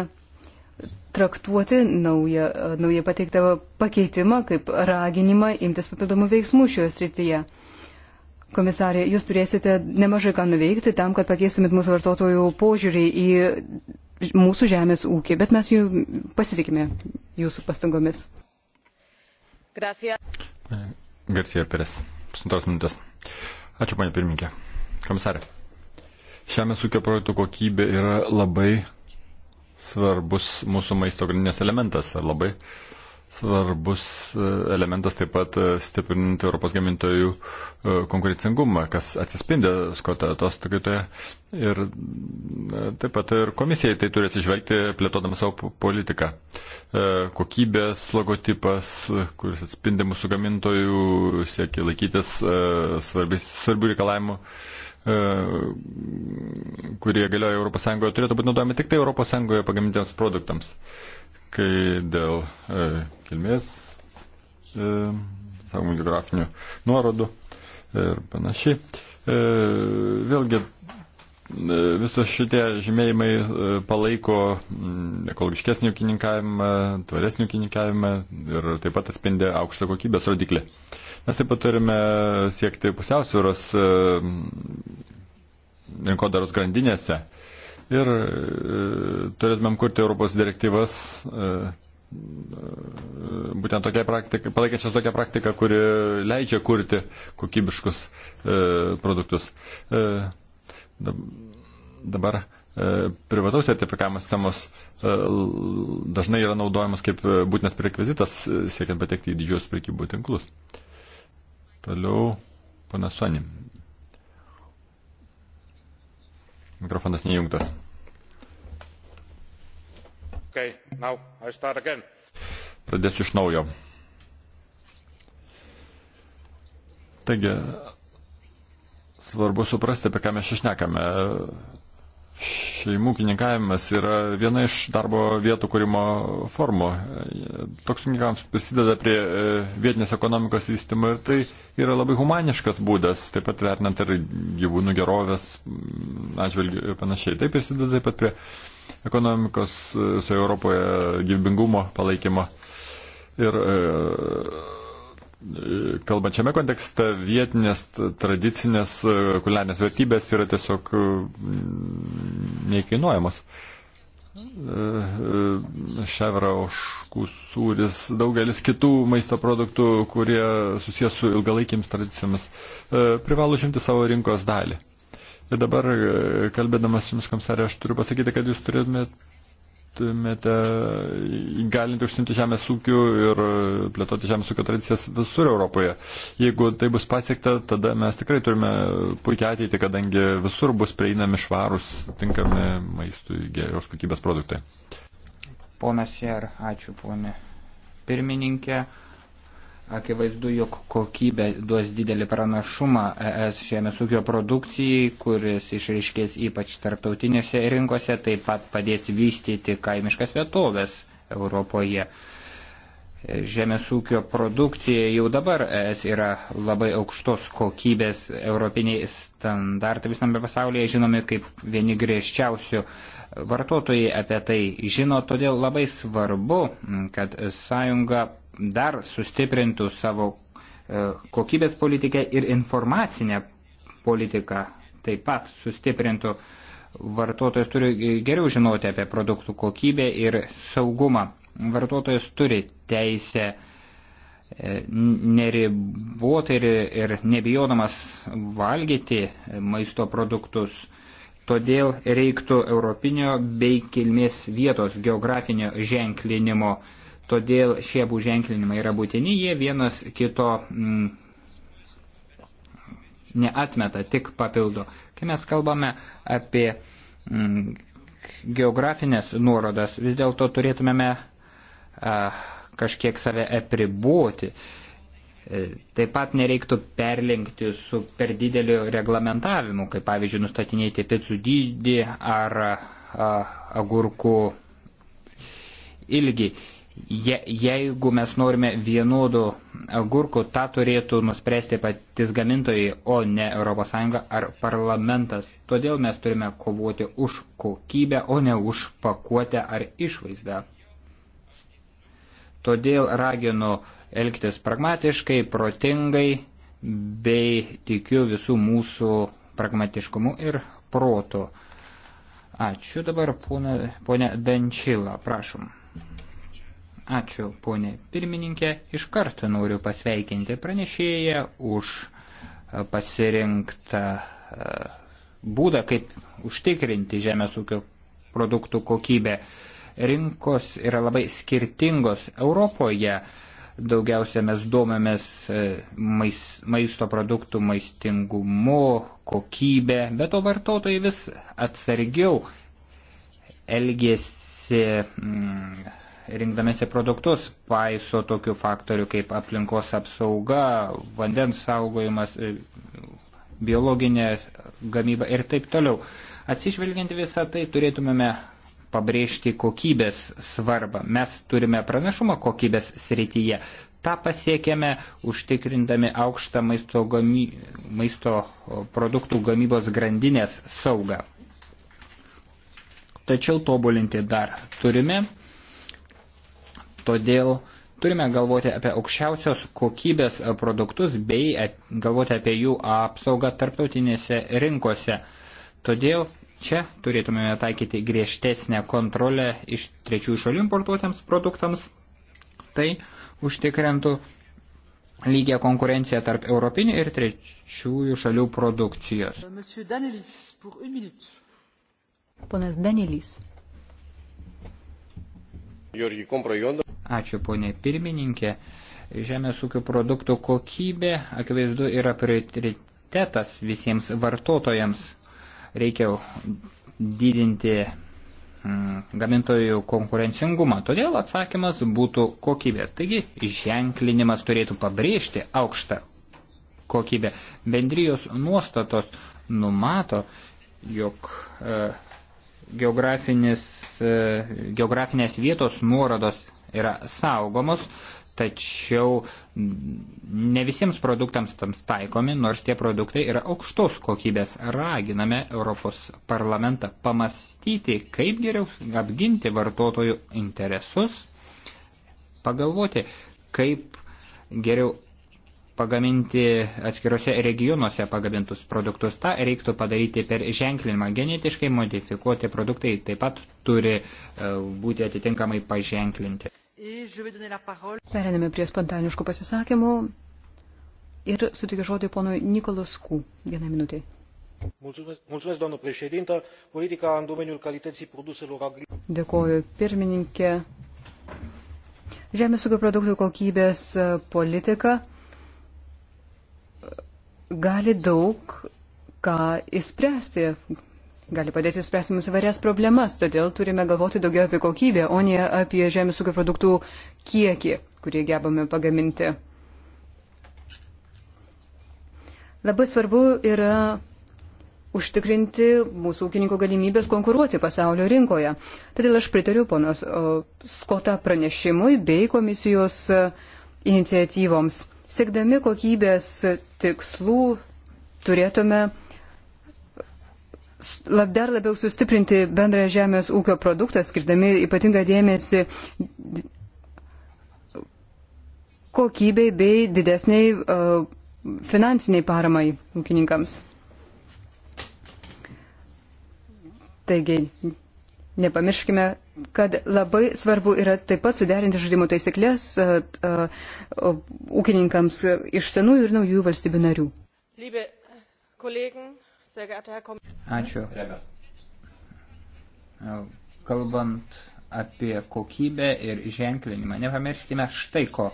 traktuoti naują, naują pateiktą pakeitimą kaip raginimą imtis papildomų veiksmų šioje srityje. Komisarė, jūs turėsite nemažai ką nuveikti tam, kad pakeistumėt mūsų vartotojų požiūrį į mūsų žemės ūkį, bet mes jų pasitikime jūsų pastangomis. Gracias. E, Garcija Pires, pusantros minutės. Ačiū, panė pirmininkė. Komisarė, žemės ūkio projektų kokybė yra labai svarbus mūsų maisto grandinės elementas ir labai uh, svarbus e, elementas taip pat e, stiprinti Europos gamintojų e, konkurencingumą, kas atsispindė skota atostogoje. Ir taip pat ir komisijai tai turi atsižvelgti plėtodama savo politiką. Kokybės logotipas, kuris atspindi mūsų gamintojų, siekia laikytis svarbis, svarbių reikalavimų kurie galioja ES, turėtų būti naudojami tik tai ES pagamintiems produktams kai dėl e, kilmės e, sakomų geografinių nuorodų ir panašiai. E, vėlgi e, visos šitie žymėjimai e, palaiko mm, ekologiškesnį ūkininkavimą, tvaresnį ūkininkavimą ir taip pat atspindi aukštą kokybės rodiklį. Mes taip pat turime siekti pusiausvėros e, rinkodaros grandinėse ir e, turėtumėm kurti Europos direktyvas e, e, būtent tokia praktika, palaikančias tokią praktiką, kuri leidžia kurti kokybiškus produktus. Dabar privataus sertifikavimo sistemos dažnai yra naudojamos kaip būtinas prekvizitas siekiant patekti į didžiosius prekybų tinklus. Toliau panasoni. Mikrofonas neįjungtas. Okay, now I start again. Pradėsiu iš naujo. Taigi, svarbu suprasti, apie ką mes išnekame. Šeimų kininkavimas yra viena iš darbo vietų kūrimo formų. Toks kininkavimas prisideda prie e, vietinės ekonomikos vystimo ir tai yra labai humaniškas būdas, taip pat vertinant ir gyvūnų gerovės atžvilgių ir panašiai. Tai prisideda taip pat prie uh, ekonomikos e, visoje Europoje gyvybingumo palaikymo. Ir e, e, kalbant šiame kontekste, vietinės tradicinės kulinarės vertybės yra tiesiog neįkainuojamos. Ševra oškų sūris, daugelis kitų maisto produktų, kurie susijęs su ilgalaikiams tradicijomis, privalo žimti savo rinkos dalį. Ir dabar, e, kalbėdamas Jums, komisarė, aš turiu pasakyti, kad Jūs turėtumėte įgalinti užsimti žemės ūkių ir e, plėtoti žemės ūkio tradicijas visur Europoje. Jeigu tai bus pasiekta, tada mes tikrai turime puikia ateitį, kadangi visur bus prieinami švarūs, tinkami maistui geros kokybės produktai. Ponas Jer, ačiū ponė pirmininkė. Akivaizdu, jog kokybė duos didelį pranašumą ES žemės ūkio produkcijai, kuris išreiškės ypač tarptautinėse rinkose, taip pat padės vystyti kaimiškas vietovės Europoje. Žemės ūkio produkcija jau dabar ES yra labai aukštos kokybės europiniai standartai visame pasaulyje žinomi kaip vieni griežčiausių. Vartotojai apie tai žino, todėl labai svarbu, kad sąjunga dar sustiprintų savo e, kokybės politikę ir informacinę politiką taip pat sustiprintų. Vartotojas turi geriau žinoti apie produktų kokybę ir saugumą. Vartotojas turi teisę e, neribotai ir, ir nebijodamas valgyti maisto produktus. Todėl reiktų europinio bei kilmės vietos geografinio ženklinimo. Todėl šie abu ženklinimai yra būtini, jie vienas kito m, mm, neatmeta, tik papildo. Kai mes kalbame apie m, mm, geografinės nuorodas, vis dėlto turėtumėme a, kažkiek save apriboti. E, taip pat nereiktų perlenkti su per dideliu reglamentavimu, kaip pavyzdžiui nustatinėti picų dydį ar a, agurkų ilgį. Je, jeigu mes norime vienodų agurkų, tą turėtų nuspręsti patys gamintojai, o ne ES ar parlamentas. Todėl mes turime kovoti už kokybę, o ne už pakuotę ar išvaizdą. Todėl raginu elgtis pragmatiškai, protingai, bei tikiu visų mūsų pragmatiškumu ir protu. Ačiū dabar, ponė Dančila, prašom. Ačiū, ponė pirmininkė. Iš karto noriu pasveikinti pranešėją už e, pasirinktą e, būdą, kaip užtikrinti žemės ūkio produktų kokybę. Rinkos yra labai skirtingos Europoje. Daugiausia mes domėmės e, mais, maisto produktų maistingumu, kokybė, bet to vartotojai vis atsargiau elgėsi. Mm, rinkdamėsi produktus paiso tokių faktorių kaip aplinkos apsauga, vandens saugojimas, e, biologinė gamyba ir taip toliau. Atsižvelgiant visą tai turėtumėme pabrėžti kokybės svarbą. Mes turime pranašumą kokybės srityje. Ta pasiekėme užtikrindami aukštą maisto, gamy... maisto produktų gamybos grandinės saugą. Tačiau tobulinti dar turime. Todėl turime galvoti apie aukščiausios kokybės produktus bei galvoti apie jų apsaugą tarptautinėse rinkose. Todėl čia turėtumėme taikyti griežtesnę kontrolę iš trečiųjų šalių importuotiems produktams. Tai užtikrintų lygią konkurenciją tarp europinių ir trečiųjų šalių produkcijos. Euh, Ponas Danielis. Ačiū, ponė pirmininkė. Žemės ūkio produktų kokybė akivaizdu yra prioritetas visiems vartotojams. Reikia didinti mm, gamintojų konkurencingumą. Todėl atsakymas būtų kokybė. Taigi ženklinimas turėtų pabrėžti aukštą kokybę. Bendrijos nuostatos numato, jog e, e geografinės vietos nuorodos yra saugomos, tačiau ne visiems produktams tams taikomi, nors tie produktai yra aukštos kokybės. Raginame Europos parlamentą pamastyti, kaip geriau apginti vartotojų interesus, pagalvoti, kaip geriau pagaminti atskiruose regionuose pagamintus produktus. Ta reiktų padaryti per ženklinimą. Genetiškai modifikuoti produktai taip pat turi e, būti atitinkamai paženklinti. Periname prie spontaniškų pasisakymų ir sutikiu žodį ponui Nikolasku. Vieną minutę. Mulțumesc, doamnă președintă. Politica în domeniul calității produselor agricole. Dėkoju, pirmininkė. Žemės ūkio produktų kokybės e, politika e, gali daug ką įspręsti, gali padėti spręsimus įvairias problemas, todėl turime galvoti daugiau apie kokybę, o ne apie žemės ūkio produktų kiekį, kurį gebame pagaminti. Labai svarbu yra užtikrinti mūsų ūkininkų galimybės konkuruoti pasaulio rinkoje. Todėl aš pritariu ponos Skota pranešimui bei komisijos e, iniciatyvoms. Siekdami kokybės tikslų turėtume lab, dar labiau sustiprinti bendrąją žemės ūkio produktą, skirdami ypatingą dėmesį kokybei bei didesniai uh, finansiniai paramai ūkininkams. Taigi, nepamirškime, kad labai svarbu yra taip pat suderinti žaidimo taisyklės uh, uh, ūkininkams iš senųjų ir naujų valstybių narių. Liebe, Kollegen, Ačiū. Kalbant apie kokybę ir ženklinimą, nepamirškime štai ko.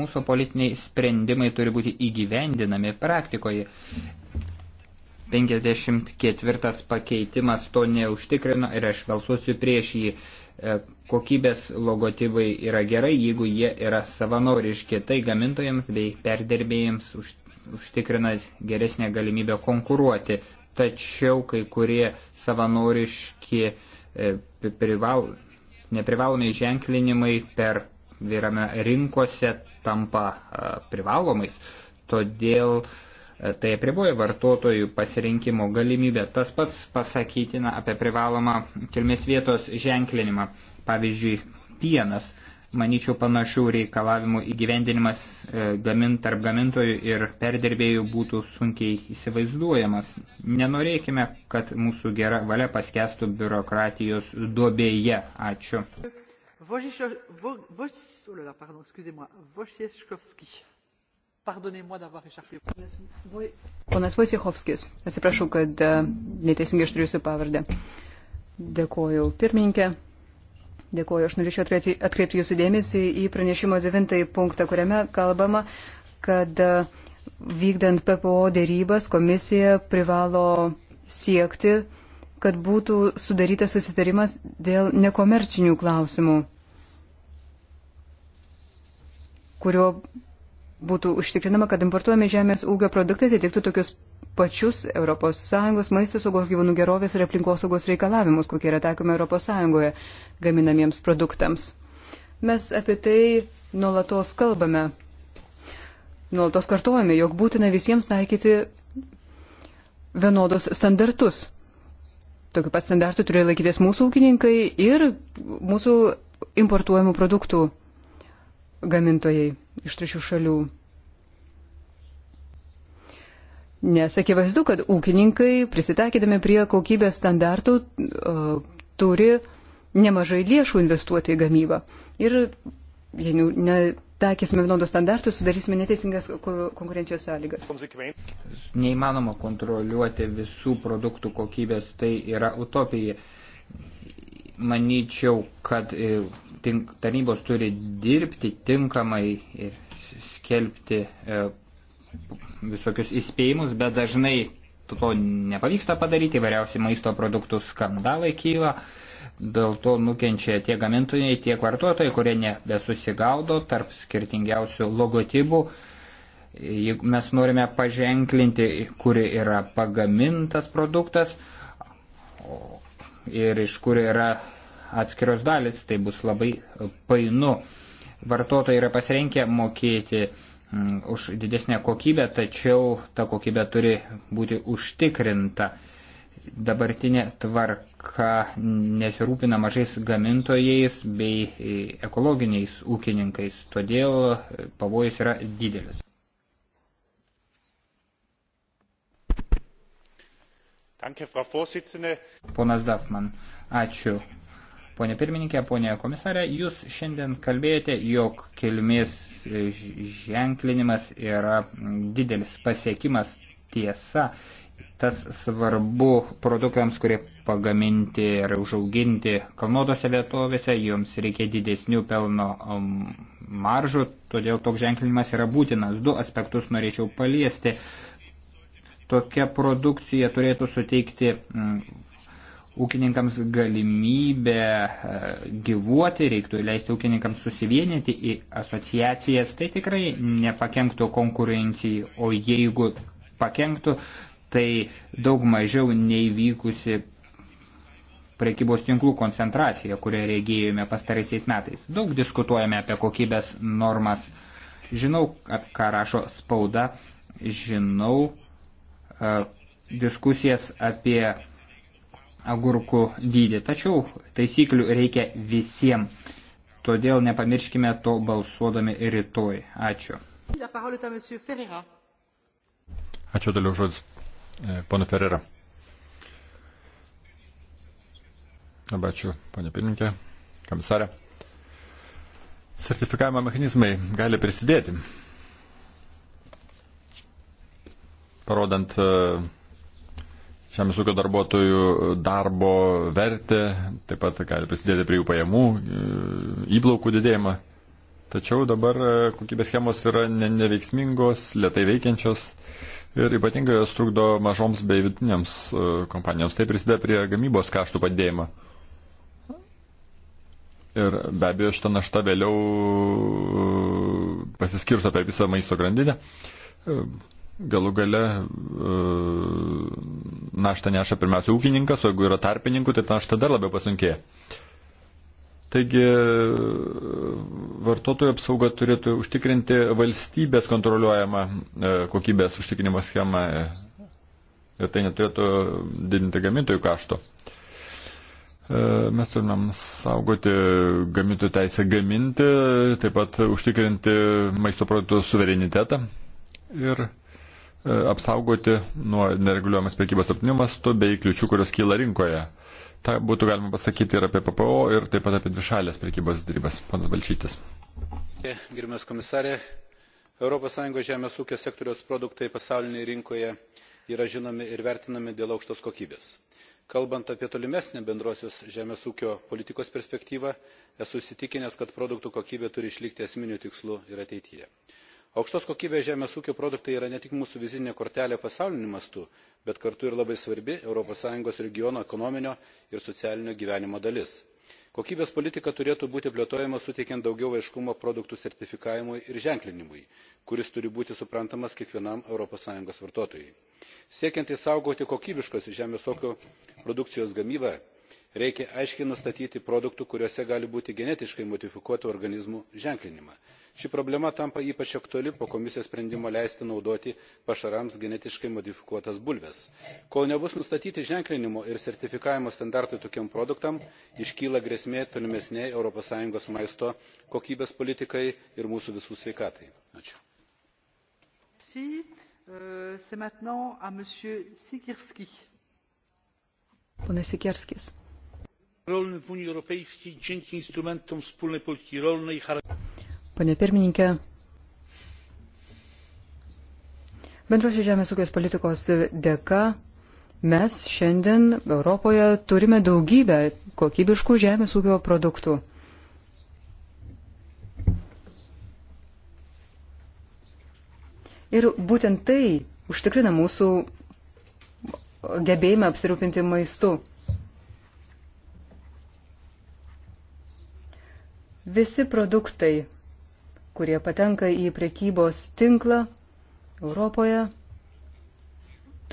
Mūsų politiniai sprendimai turi būti įgyvendinami praktikoje. 54 pakeitimas to neužtikrino ir aš balsuosiu prieš jį. E, kokybės logotipai yra gerai, jeigu jie yra savanoriški, tai gamintojams bei perdirbėjams užtikrina geresnę galimybę konkuruoti tačiau kai kurie savanoriški e, prival, neprivalomai ženklinimai per vyrame rinkose tampa e, privalomais, todėl e, tai apriboja vartotojų pasirinkimo galimybę. Tas pats pasakytina apie privalomą kilmės vietos ženklinimą, pavyzdžiui, pienas – Manyčiau, panašių reikalavimų įgyvendinimas e, gamint, tarp gamintojų ir perdirbėjų būtų sunkiai įsivaizduojamas. Nenorėkime, kad mūsų gera valia paskestų biurokratijos duobėje. Ačiū. Oh Pardonnez-moi d'avoir échappé. Ponas Vojcichovskis, atsiprašau, kad e, neteisingai ištariu jūsų pavardę. Dėkoju pirmininkė. Dėkuoju, aš norėčiau atkreipti, atkreipti jūsų dėmesį į pranešimo devintąjį punktą, kuriame kalbama, kad e, vykdant PPO dėrybas komisija privalo siekti, kad būtų sudarytas susitarimas dėl nekomercinių klausimų, kurio būtų užtikrinama, kad importuojami žemės ūkio produktai atitiktų tokius pačius ES maisto saugos gyvūnų gerovės ir aplinkosaugos reikalavimus, kokie yra taikomi ES gaminamiems produktams. Mes apie tai nuolatos kalbame, nuolatos kartuojame, jog būtina visiems taikyti vienodos standartus. Tokių pat standartų turi laikytis mūsų ūkininkai ir mūsų importuojamų produktų gamintojai iš trečių šalių. Nes akivaizdu, kad ūkininkai, prisitakydami prie kokybės standartų, e, turi nemažai lėšų investuoti į gamybą. Ir jei nu- netakysime vienodų standartų, sudarysime neteisingas konkurencijos sąlygas. Neįmanoma kontroliuoti visų produktų kokybės, tai yra utopija manyčiau, kad e, tink, tarnybos turi dirbti tinkamai ir skelbti e, visokius įspėjimus, bet dažnai to nepavyksta padaryti, įvairiausi maisto produktų skandalai kyla, dėl to nukenčia tiek gamintojai, tiek vartotojai, kurie nebesusigaudo tarp skirtingiausių logotipų. Jeigu mes norime paženklinti, kuri yra pagamintas produktas, ir iš kur yra atskiros dalis, tai bus labai painu. Vartotojai yra pasirenkę mokėti mm, už didesnę kokybę, tačiau ta kokybė turi būti užtikrinta. Dabartinė tvarka nesirūpina mažais gamintojais bei ekologiniais ūkininkais, todėl pavojus yra didelis. Ponas Dafman, ačiū. Pone pirmininkė, ponė komisarė, jūs šiandien kalbėjote, jog kilmės ženklinimas yra didelis pasiekimas tiesa. Tas svarbu produktams, kurie pagaminti ir užauginti kalnuotose vietovėse, jums reikia didesnių pelno um, maržų, todėl toks ženklinimas yra būtinas. Du aspektus norėčiau paliesti tokia produkcija turėtų suteikti mm, ūkininkams galimybę e, gyvuoti, reiktų leisti ūkininkams susivienyti į asociacijas, tai tikrai nepakenktų konkurencijai, o jeigu pakenktų, tai daug mažiau neįvykusi prekybos tinklų koncentracija, kurią regėjome pastaraisiais metais. Daug diskutuojame apie kokybės normas. Žinau, ką rašo spauda, žinau, E, diskusijas apie agurkų dydį. Tačiau taisyklių reikia visiems. Todėl nepamirškime to balsuodami rytoj. Ačiū. Ačiū toliau žodis. E, Pana Ferrera. Labai ačiū, ponė pirmininkė, komisarė. Sertifikavimo mechanizmai gali prisidėti parodant e, žemės ūkio darbuotojų darbo vertę, taip pat gali prisidėti prie jų pajamų, e, įplaukų didėjimą. Tačiau dabar e, kokybės schemos yra ne, neveiksmingos, lietai veikiančios ir ypatingai jos trukdo mažoms bei vidutinėms kompanijoms. Tai prisideda prie gamybos kaštų padėjimo. Ir be abejo, šitą naštą vėliau pasiskirsto per visą maisto grandinę galų gale e, naštą neša pirmiausia ūkininkas, o jeigu yra tarpininkų, tai ta našta dar labiau pasunkėja. Taigi e, vartotojų apsauga turėtų užtikrinti valstybės kontroliuojamą e, kokybės užtikrinimo schemą ir tai neturėtų didinti gamintojų kašto. Mes turimėm saugoti gamintojų teisę gaminti, taip pat užtikrinti maisto produktų suverenitetą ir E, apsaugoti nuo nereguliuojamas priekybos tarptautiniu mastu bei kliučių, kurios kyla rinkoje. Ta būtų galima pasakyti ir apie PPO, ir taip pat apie dvišalės priekybos darybas. Panas Balčytis. Gerbiamas komisarė, ES žemės ūkio sektoriaus produktai pasaulinėje rinkoje yra žinomi ir vertinami dėl aukštos kokybės. Kalbant apie tolimesnę bendrosios žemės ūkio politikos perspektyvą, esu įsitikinęs, kad produktų kokybė turi išlikti esminiu tikslu ir ateityje aukštos kokybės žemės ūkio produktai yra ne tik mūsų vizitinė kortelė pasauliniu mastu bet kartu ir labai svarbi es regiono ekonominio ir socialinio gyvenimo dalis. kokybės politika turėtų būti plėtojama suteikiant daugiau aiškumo produktų sertifikavimui ir ženklinimui kuris turi būti suprantamas kiekvienam europos sąjungos vartotojui. siekiant išsaugoti kokybiškos žemės ūkio produkcijos gamybą reikia aiškiai nustatyti produktų kuriuose gali būti genetiškai modifikuotų organizmų ženklinimą. ši problema tampa ypač aktuali po komisijos sprendimo leisti naudoti pašarams genetiškai modifikuotas bulves. kol nebus nustatyti ženklinimo ir sertifikavimo standartai tokiems produktams iškyla grėsmė tolimesnei europos sąjungos maisto kokybės politikai ir mūsų visų sveikatai. ačiū. Euh, Ponas Sikerskis rolny w Unii Europejskiej dzięki instrumentom wspólnej polityki rolnej. Pone pirmininkė, bendrosios žemės ūkio politikos dėka mes šiandien Europoje turime daugybę kokybiškų žemės ūkio produktų. Ir būtent tai užtikrina mūsų gebėjimą apsirūpinti maistu. Visi produktai, kurie patenka į prekybos tinklą Europoje,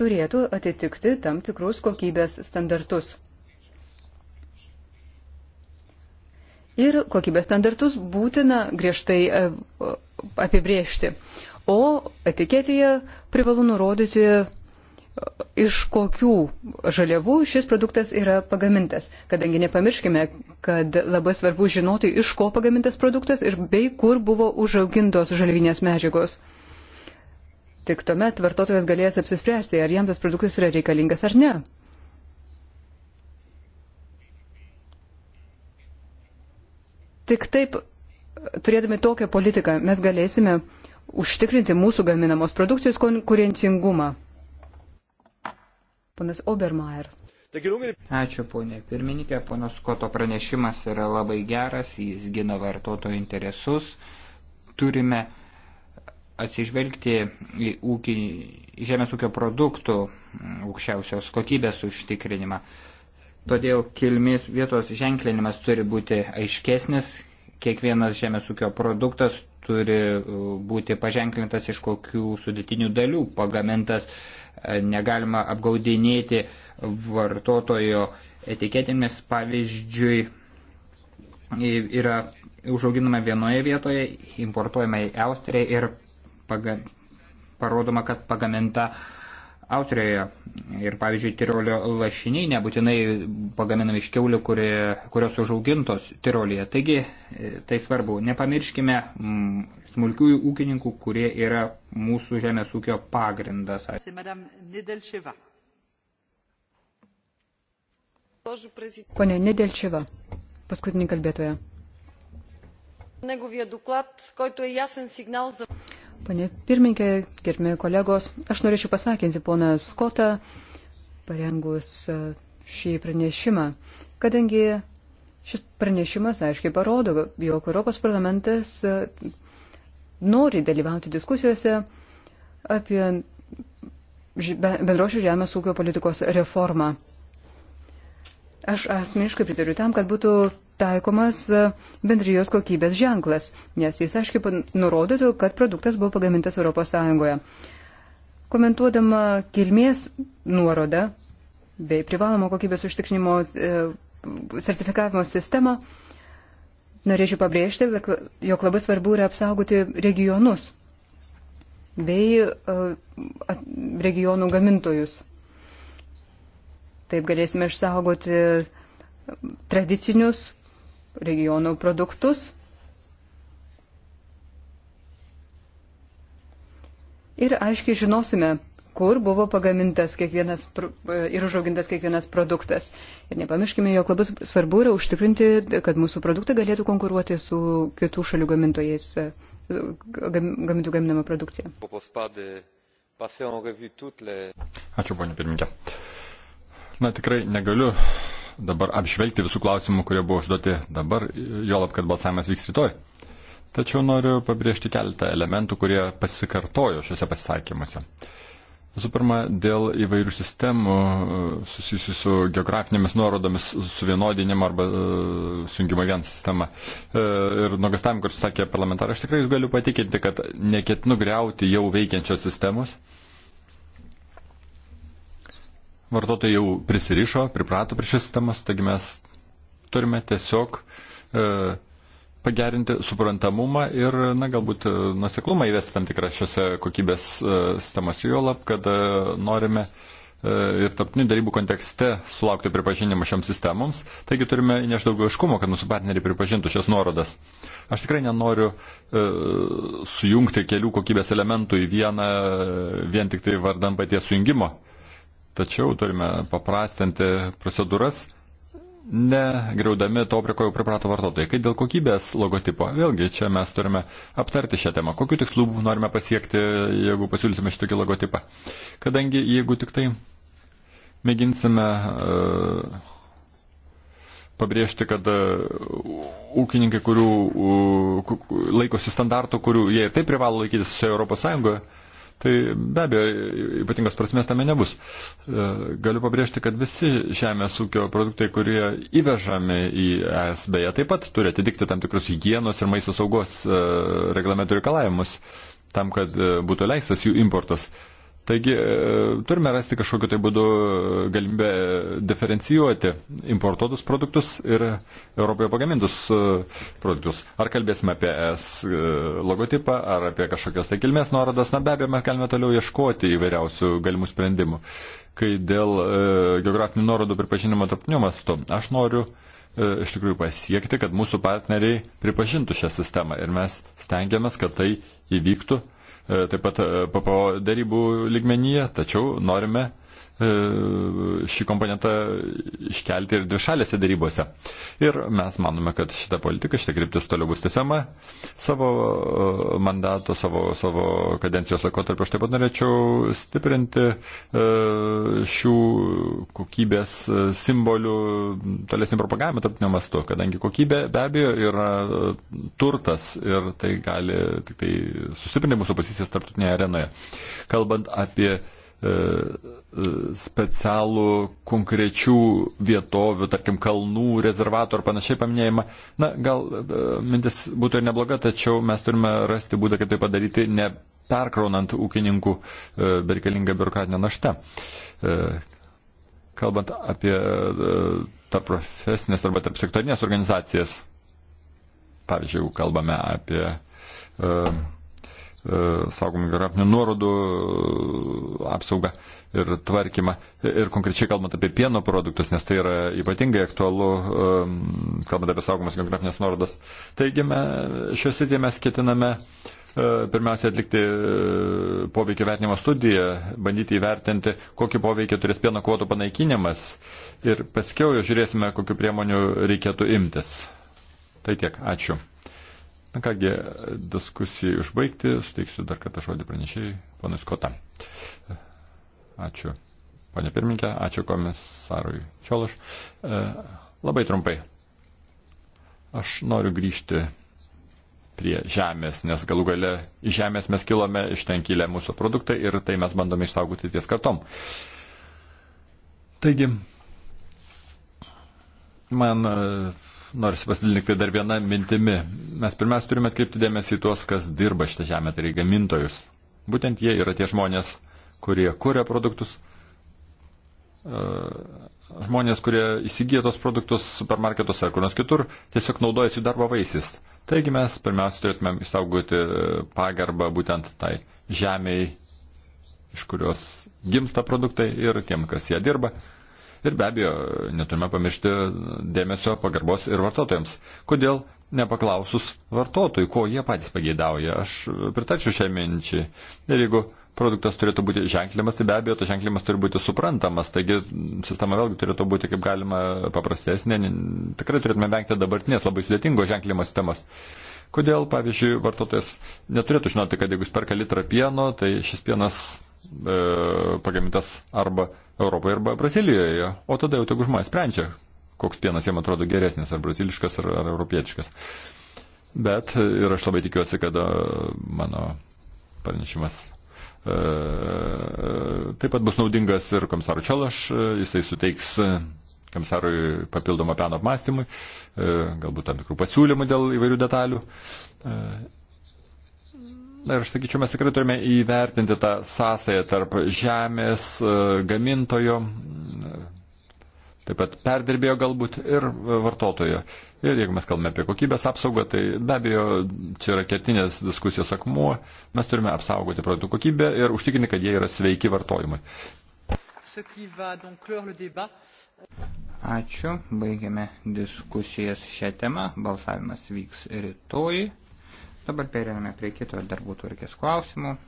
turėtų atitikti tam tikrus kokybės standartus. Ir kokybės standartus būtina griežtai e, apibriežti. O etiketėje privalu nurodyti iš kokių žaliavų šis produktas yra pagamintas. Kadangi nepamirškime, kad labai svarbu žinoti, iš ko pagamintas produktas ir bei kur buvo užaugintos žalvinės medžiagos. Tik tuomet vartotojas galės apsispręsti, ar jam tas produktas yra reikalingas ar ne. Tik taip, turėdami tokią politiką, mes galėsime užtikrinti mūsų gaminamos produkcijos konkurencingumą. Ponas Obermeier. Ačiū, ponė pirmininkė. Ponas Koto pranešimas yra labai geras, jis gina vartotojų interesus. Turime atsižvelgti į ūkį, žemės ūkio produktų mm, aukščiausios kokybės užtikrinimą. Todėl kilmės vietos ženklinimas turi būti aiškesnis, kiekvienas žemės ūkio produktas turi uh, būti paženklintas iš kokių sudėtinių dalių pagamintas. Uh, negalima apgaudinėti vartotojo etiketėmis. Pavyzdžiui, yra užauginama vienoje vietoje, importuojama į Austriją ir paga, parodoma, kad pagaminta uh, Austrijoje ir, pavyzdžiui, tirolio lašiniai nebūtinai pagaminami iš keulių, kurie, kurios užaugintos tirolėje. Taigi, e, tai svarbu. Nepamirškime mm, smulkiųjų ūkininkų, kurie yra mūsų žemės ūkio pagrindas. Pone Nedelčeva, paskutinį kalbėtoją. Неговия доклад, който е ясен сигнал за Pane pirmininkė, gerbimi kolegos, aš norėčiau pasakinti poną Skotą, parengus e, šį pranešimą, kadangi šis pranešimas aiškiai parodo, jog Europos parlamentas e, nori dalyvauti diskusijose apie bendrošių žemės ūkio politikos reformą. Aš asmeniškai pritariu tam, kad būtų taikomas e, bendrijos kokybės ženklas, nes jis aiškiai nurodytų, kad produktas buvo pagamintas ES. Komentuodama kilmės nuorodą bei privalomo kokybės užtikrinimo e, sertifikavimo sistemą, norėčiau pabrėžti, jog labai svarbu yra apsaugoti regionus bei e, regionų gamintojus. Taip galėsime išsaugoti tradicinius regionų produktus. Ir aiškiai žinosime, kur buvo pagamintas kiekvienas ir užaugintas kiekvienas produktas. Ir nepamirškime, jog labai svarbu yra užtikrinti, kad mūsų produktai galėtų konkuruoti su kitų šalių gamintojais, gamintų gaminama produkcija. Ačiū, ponė pirmininkė. Na tikrai negaliu dabar apžvelgti visų klausimų, kurie buvo užduoti dabar, juolab, kad balsavimas vyks rytoj. Tačiau noriu pabrėžti keletą elementų, kurie pasikartojo šiuose pasisakymuose. Visų pirma, dėl įvairių sistemų e, susijusių su geografinėmis nuorodomis, suvienodinimu arba e, sujungimo vieną sistemą. E, ir nuogastavim, kur sakė parlamentarai, aš tikrai galiu patikinti, kad neketinu greuti jau veikiančios sistemos vartotojai jau prisirišo, priprato prie šios sistemos, taigi mes turime tiesiog e, pagerinti suprantamumą ir, na, galbūt e, nuseklumą įvesti tam tikrą šiose kokybės e, sistemos juolap, kad e, norime ir taptinių darybų kontekste sulaukti pripažinimo šioms sistemoms. Taigi turime įnešti daugiau iškumo, kad mūsų partneriai pripažintų šias nuorodas. Aš tikrai nenoriu e, sujungti kelių kokybės elementų į vieną, vien tik tai vardan paties sujungimo. E, Tačiau turime paprastinti procedūras, negriaudami to, prie ko jau priprato vartotojai. Kai dėl kokybės logotipo, vėlgi čia mes turime aptarti šią temą. Kokiu tikslu norime pasiekti, jeigu pasiūlysime šitokį logotipą. Kadangi jeigu tik tai mėginsime uh, pabrėžti, kad e, ūkininkai, kurių laikosi standartų, kurių jie ir taip privalo laikytis visoje Europos Sąjungoje, tai be abejo, ypatingos prasmės tame nebus. E, galiu pabrėžti, kad visi žemės ūkio produktai, kurie įvežami į ES, beje, taip pat turi atitikti tam tikrus hygienos ir maisto saugos e, reglamentų reikalavimus tam, kad e, būtų leistas jų importas. Taigi e, turime rasti kažkokiu tai būdu e, galimybę diferencijuoti importuotus produktus ir Europoje pagamintus e, produktus. Ar kalbėsime apie S logotipą, ar apie kažkokias tai kilmės nuorodas, na be abejo, mes galime toliau ieškoti įvairiausių galimų sprendimų. Kai dėl geografinių nuorodų pripažinimo tarptautiniu mastu, aš noriu iš tikrųjų pasiekti, kad mūsų partneriai pripažintų šią sistemą ir mes stengiamės, kad tai įvyktų taip pat e, PPO darybų ligmenyje, tačiau norime E, šį komponentą iškelti ir dvišalėse darybose. Ir mes manome, kad šita politika, šita kryptis toliau bus tiesiama. Savo e, mandato, savo, savo kadencijos laikotarpio aš taip pat norėčiau stiprinti e, šių kokybės simbolių tolesnį propagavimą tarptinio mastu, kadangi kokybė be abejo yra turtas ir tai gali tik tai sustiprinti mūsų pozicijas tarptautinėje arenoje. Kalbant apie e, specialų konkrečių vietovių, tarkim, kalnų, rezervatų ar panašiai paminėjimą. Na, gal e, mintis būtų ir nebloga, tačiau mes turime rasti būdą, kaip tai padaryti, neperkraunant ūkininkų e, berikalingą biurokratinę naštą. E, kalbant apie tarp profesinės arba tarp sektorinės organizacijas, pavyzdžiui, kalbame apie uh, E, saugomų geografinių nuorodų e, apsaugą ir tvarkymą. Ir konkrečiai kalbant apie pieno produktus, nes tai yra ypatingai aktualu, e, kalbant apie saugomas geografinės nuorodas. Taigi, šios srityje mes ketiname pirmiausia atlikti poveikio vertinimo studiją, bandyti įvertinti, kokį poveikį turės pieno kvotų panaikinimas ir paskiau žiūrėsime, kokiu priemoniu reikėtų imtis. Tai tiek, ačiū. Na kągi, diskusijai užbaigti, suteiksiu dar kartą žodį pranešėjai, ponui Skota. Ačiū, ponė pirmininkė, ačiū komisarui Čiološ. E, labai trumpai. Aš noriu grįžti prie žemės, nes galų gale iš žemės mes kilome, iš ten kilę mūsų produktai ir tai mes bandome išsaugoti ties kartom. Taigi, man noriu pasidalinti dar vieną mintimį. Mes pirmiausia turime atkreipti dėmesį į tuos, kas dirba šitą žemę, tai yra gamintojus. Būtent jie yra tie žmonės, kurie kuria produktus, e, žmonės, kurie įsigyja tos produktus supermarketuose ar kur nors kitur, tiesiog naudojasi jų darbo vaisiais. Taigi mes pirmiausia turėtumėm išsaugoti e, pagarbą būtent tai žemiai, iš kurios gimsta produktai ir tiem, kas ją dirba. Ir be abejo, neturime pamiršti dėmesio pagarbos ir vartotojams. Kodėl nepaklausus vartotojų, ko jie patys pageidauja? Aš pritarčiau šiai minčiai. Ir jeigu produktas turėtų būti ženklimas, tai be abejo, tas ženklimas turi būti suprantamas. Taigi sistema vėlgi turėtų būti kaip galima paprastesnė. Tikrai turėtume vengti dabartinės labai sudėtingo ženklimo sistemas. Kodėl, pavyzdžiui, vartotojas neturėtų žinoti, kad jeigu jis perka litrą pieno, tai šis pienas E, pagamintas arba Europoje, arba Brazilijoje. O tada jau tegu žmonės sprendžia, koks pienas jiems atrodo geresnis, ar braziliškas, ar, ar europietiškas. Bet e, ir aš labai tikiuosi, kad e, mano pranešimas taip pat bus naudingas ir komisarų Čelaš, jisai suteiks komisarui papildomą peno apmąstymui, galbūt tam tikrų pasiūlymų dėl įvairių detalių. Ir aš sakyčiau, mes tikrai turime įvertinti tą sąsąją tarp žemės e, gamintojo, taip pat perdirbėjo galbūt ir vartotojo. Ir jeigu mes kalbame apie kokybės apsaugą, tai be abejo, čia yra kertinės diskusijos akmuo. Mes turime apsaugoti produktų kokybę ir užtikrinti, kad jie yra sveiki vartojimui. Ačiū, baigiame diskusijas šią temą. Balsavimas vyks rytoj. Dabar perėmėme prie kito darbų turkės klausimų.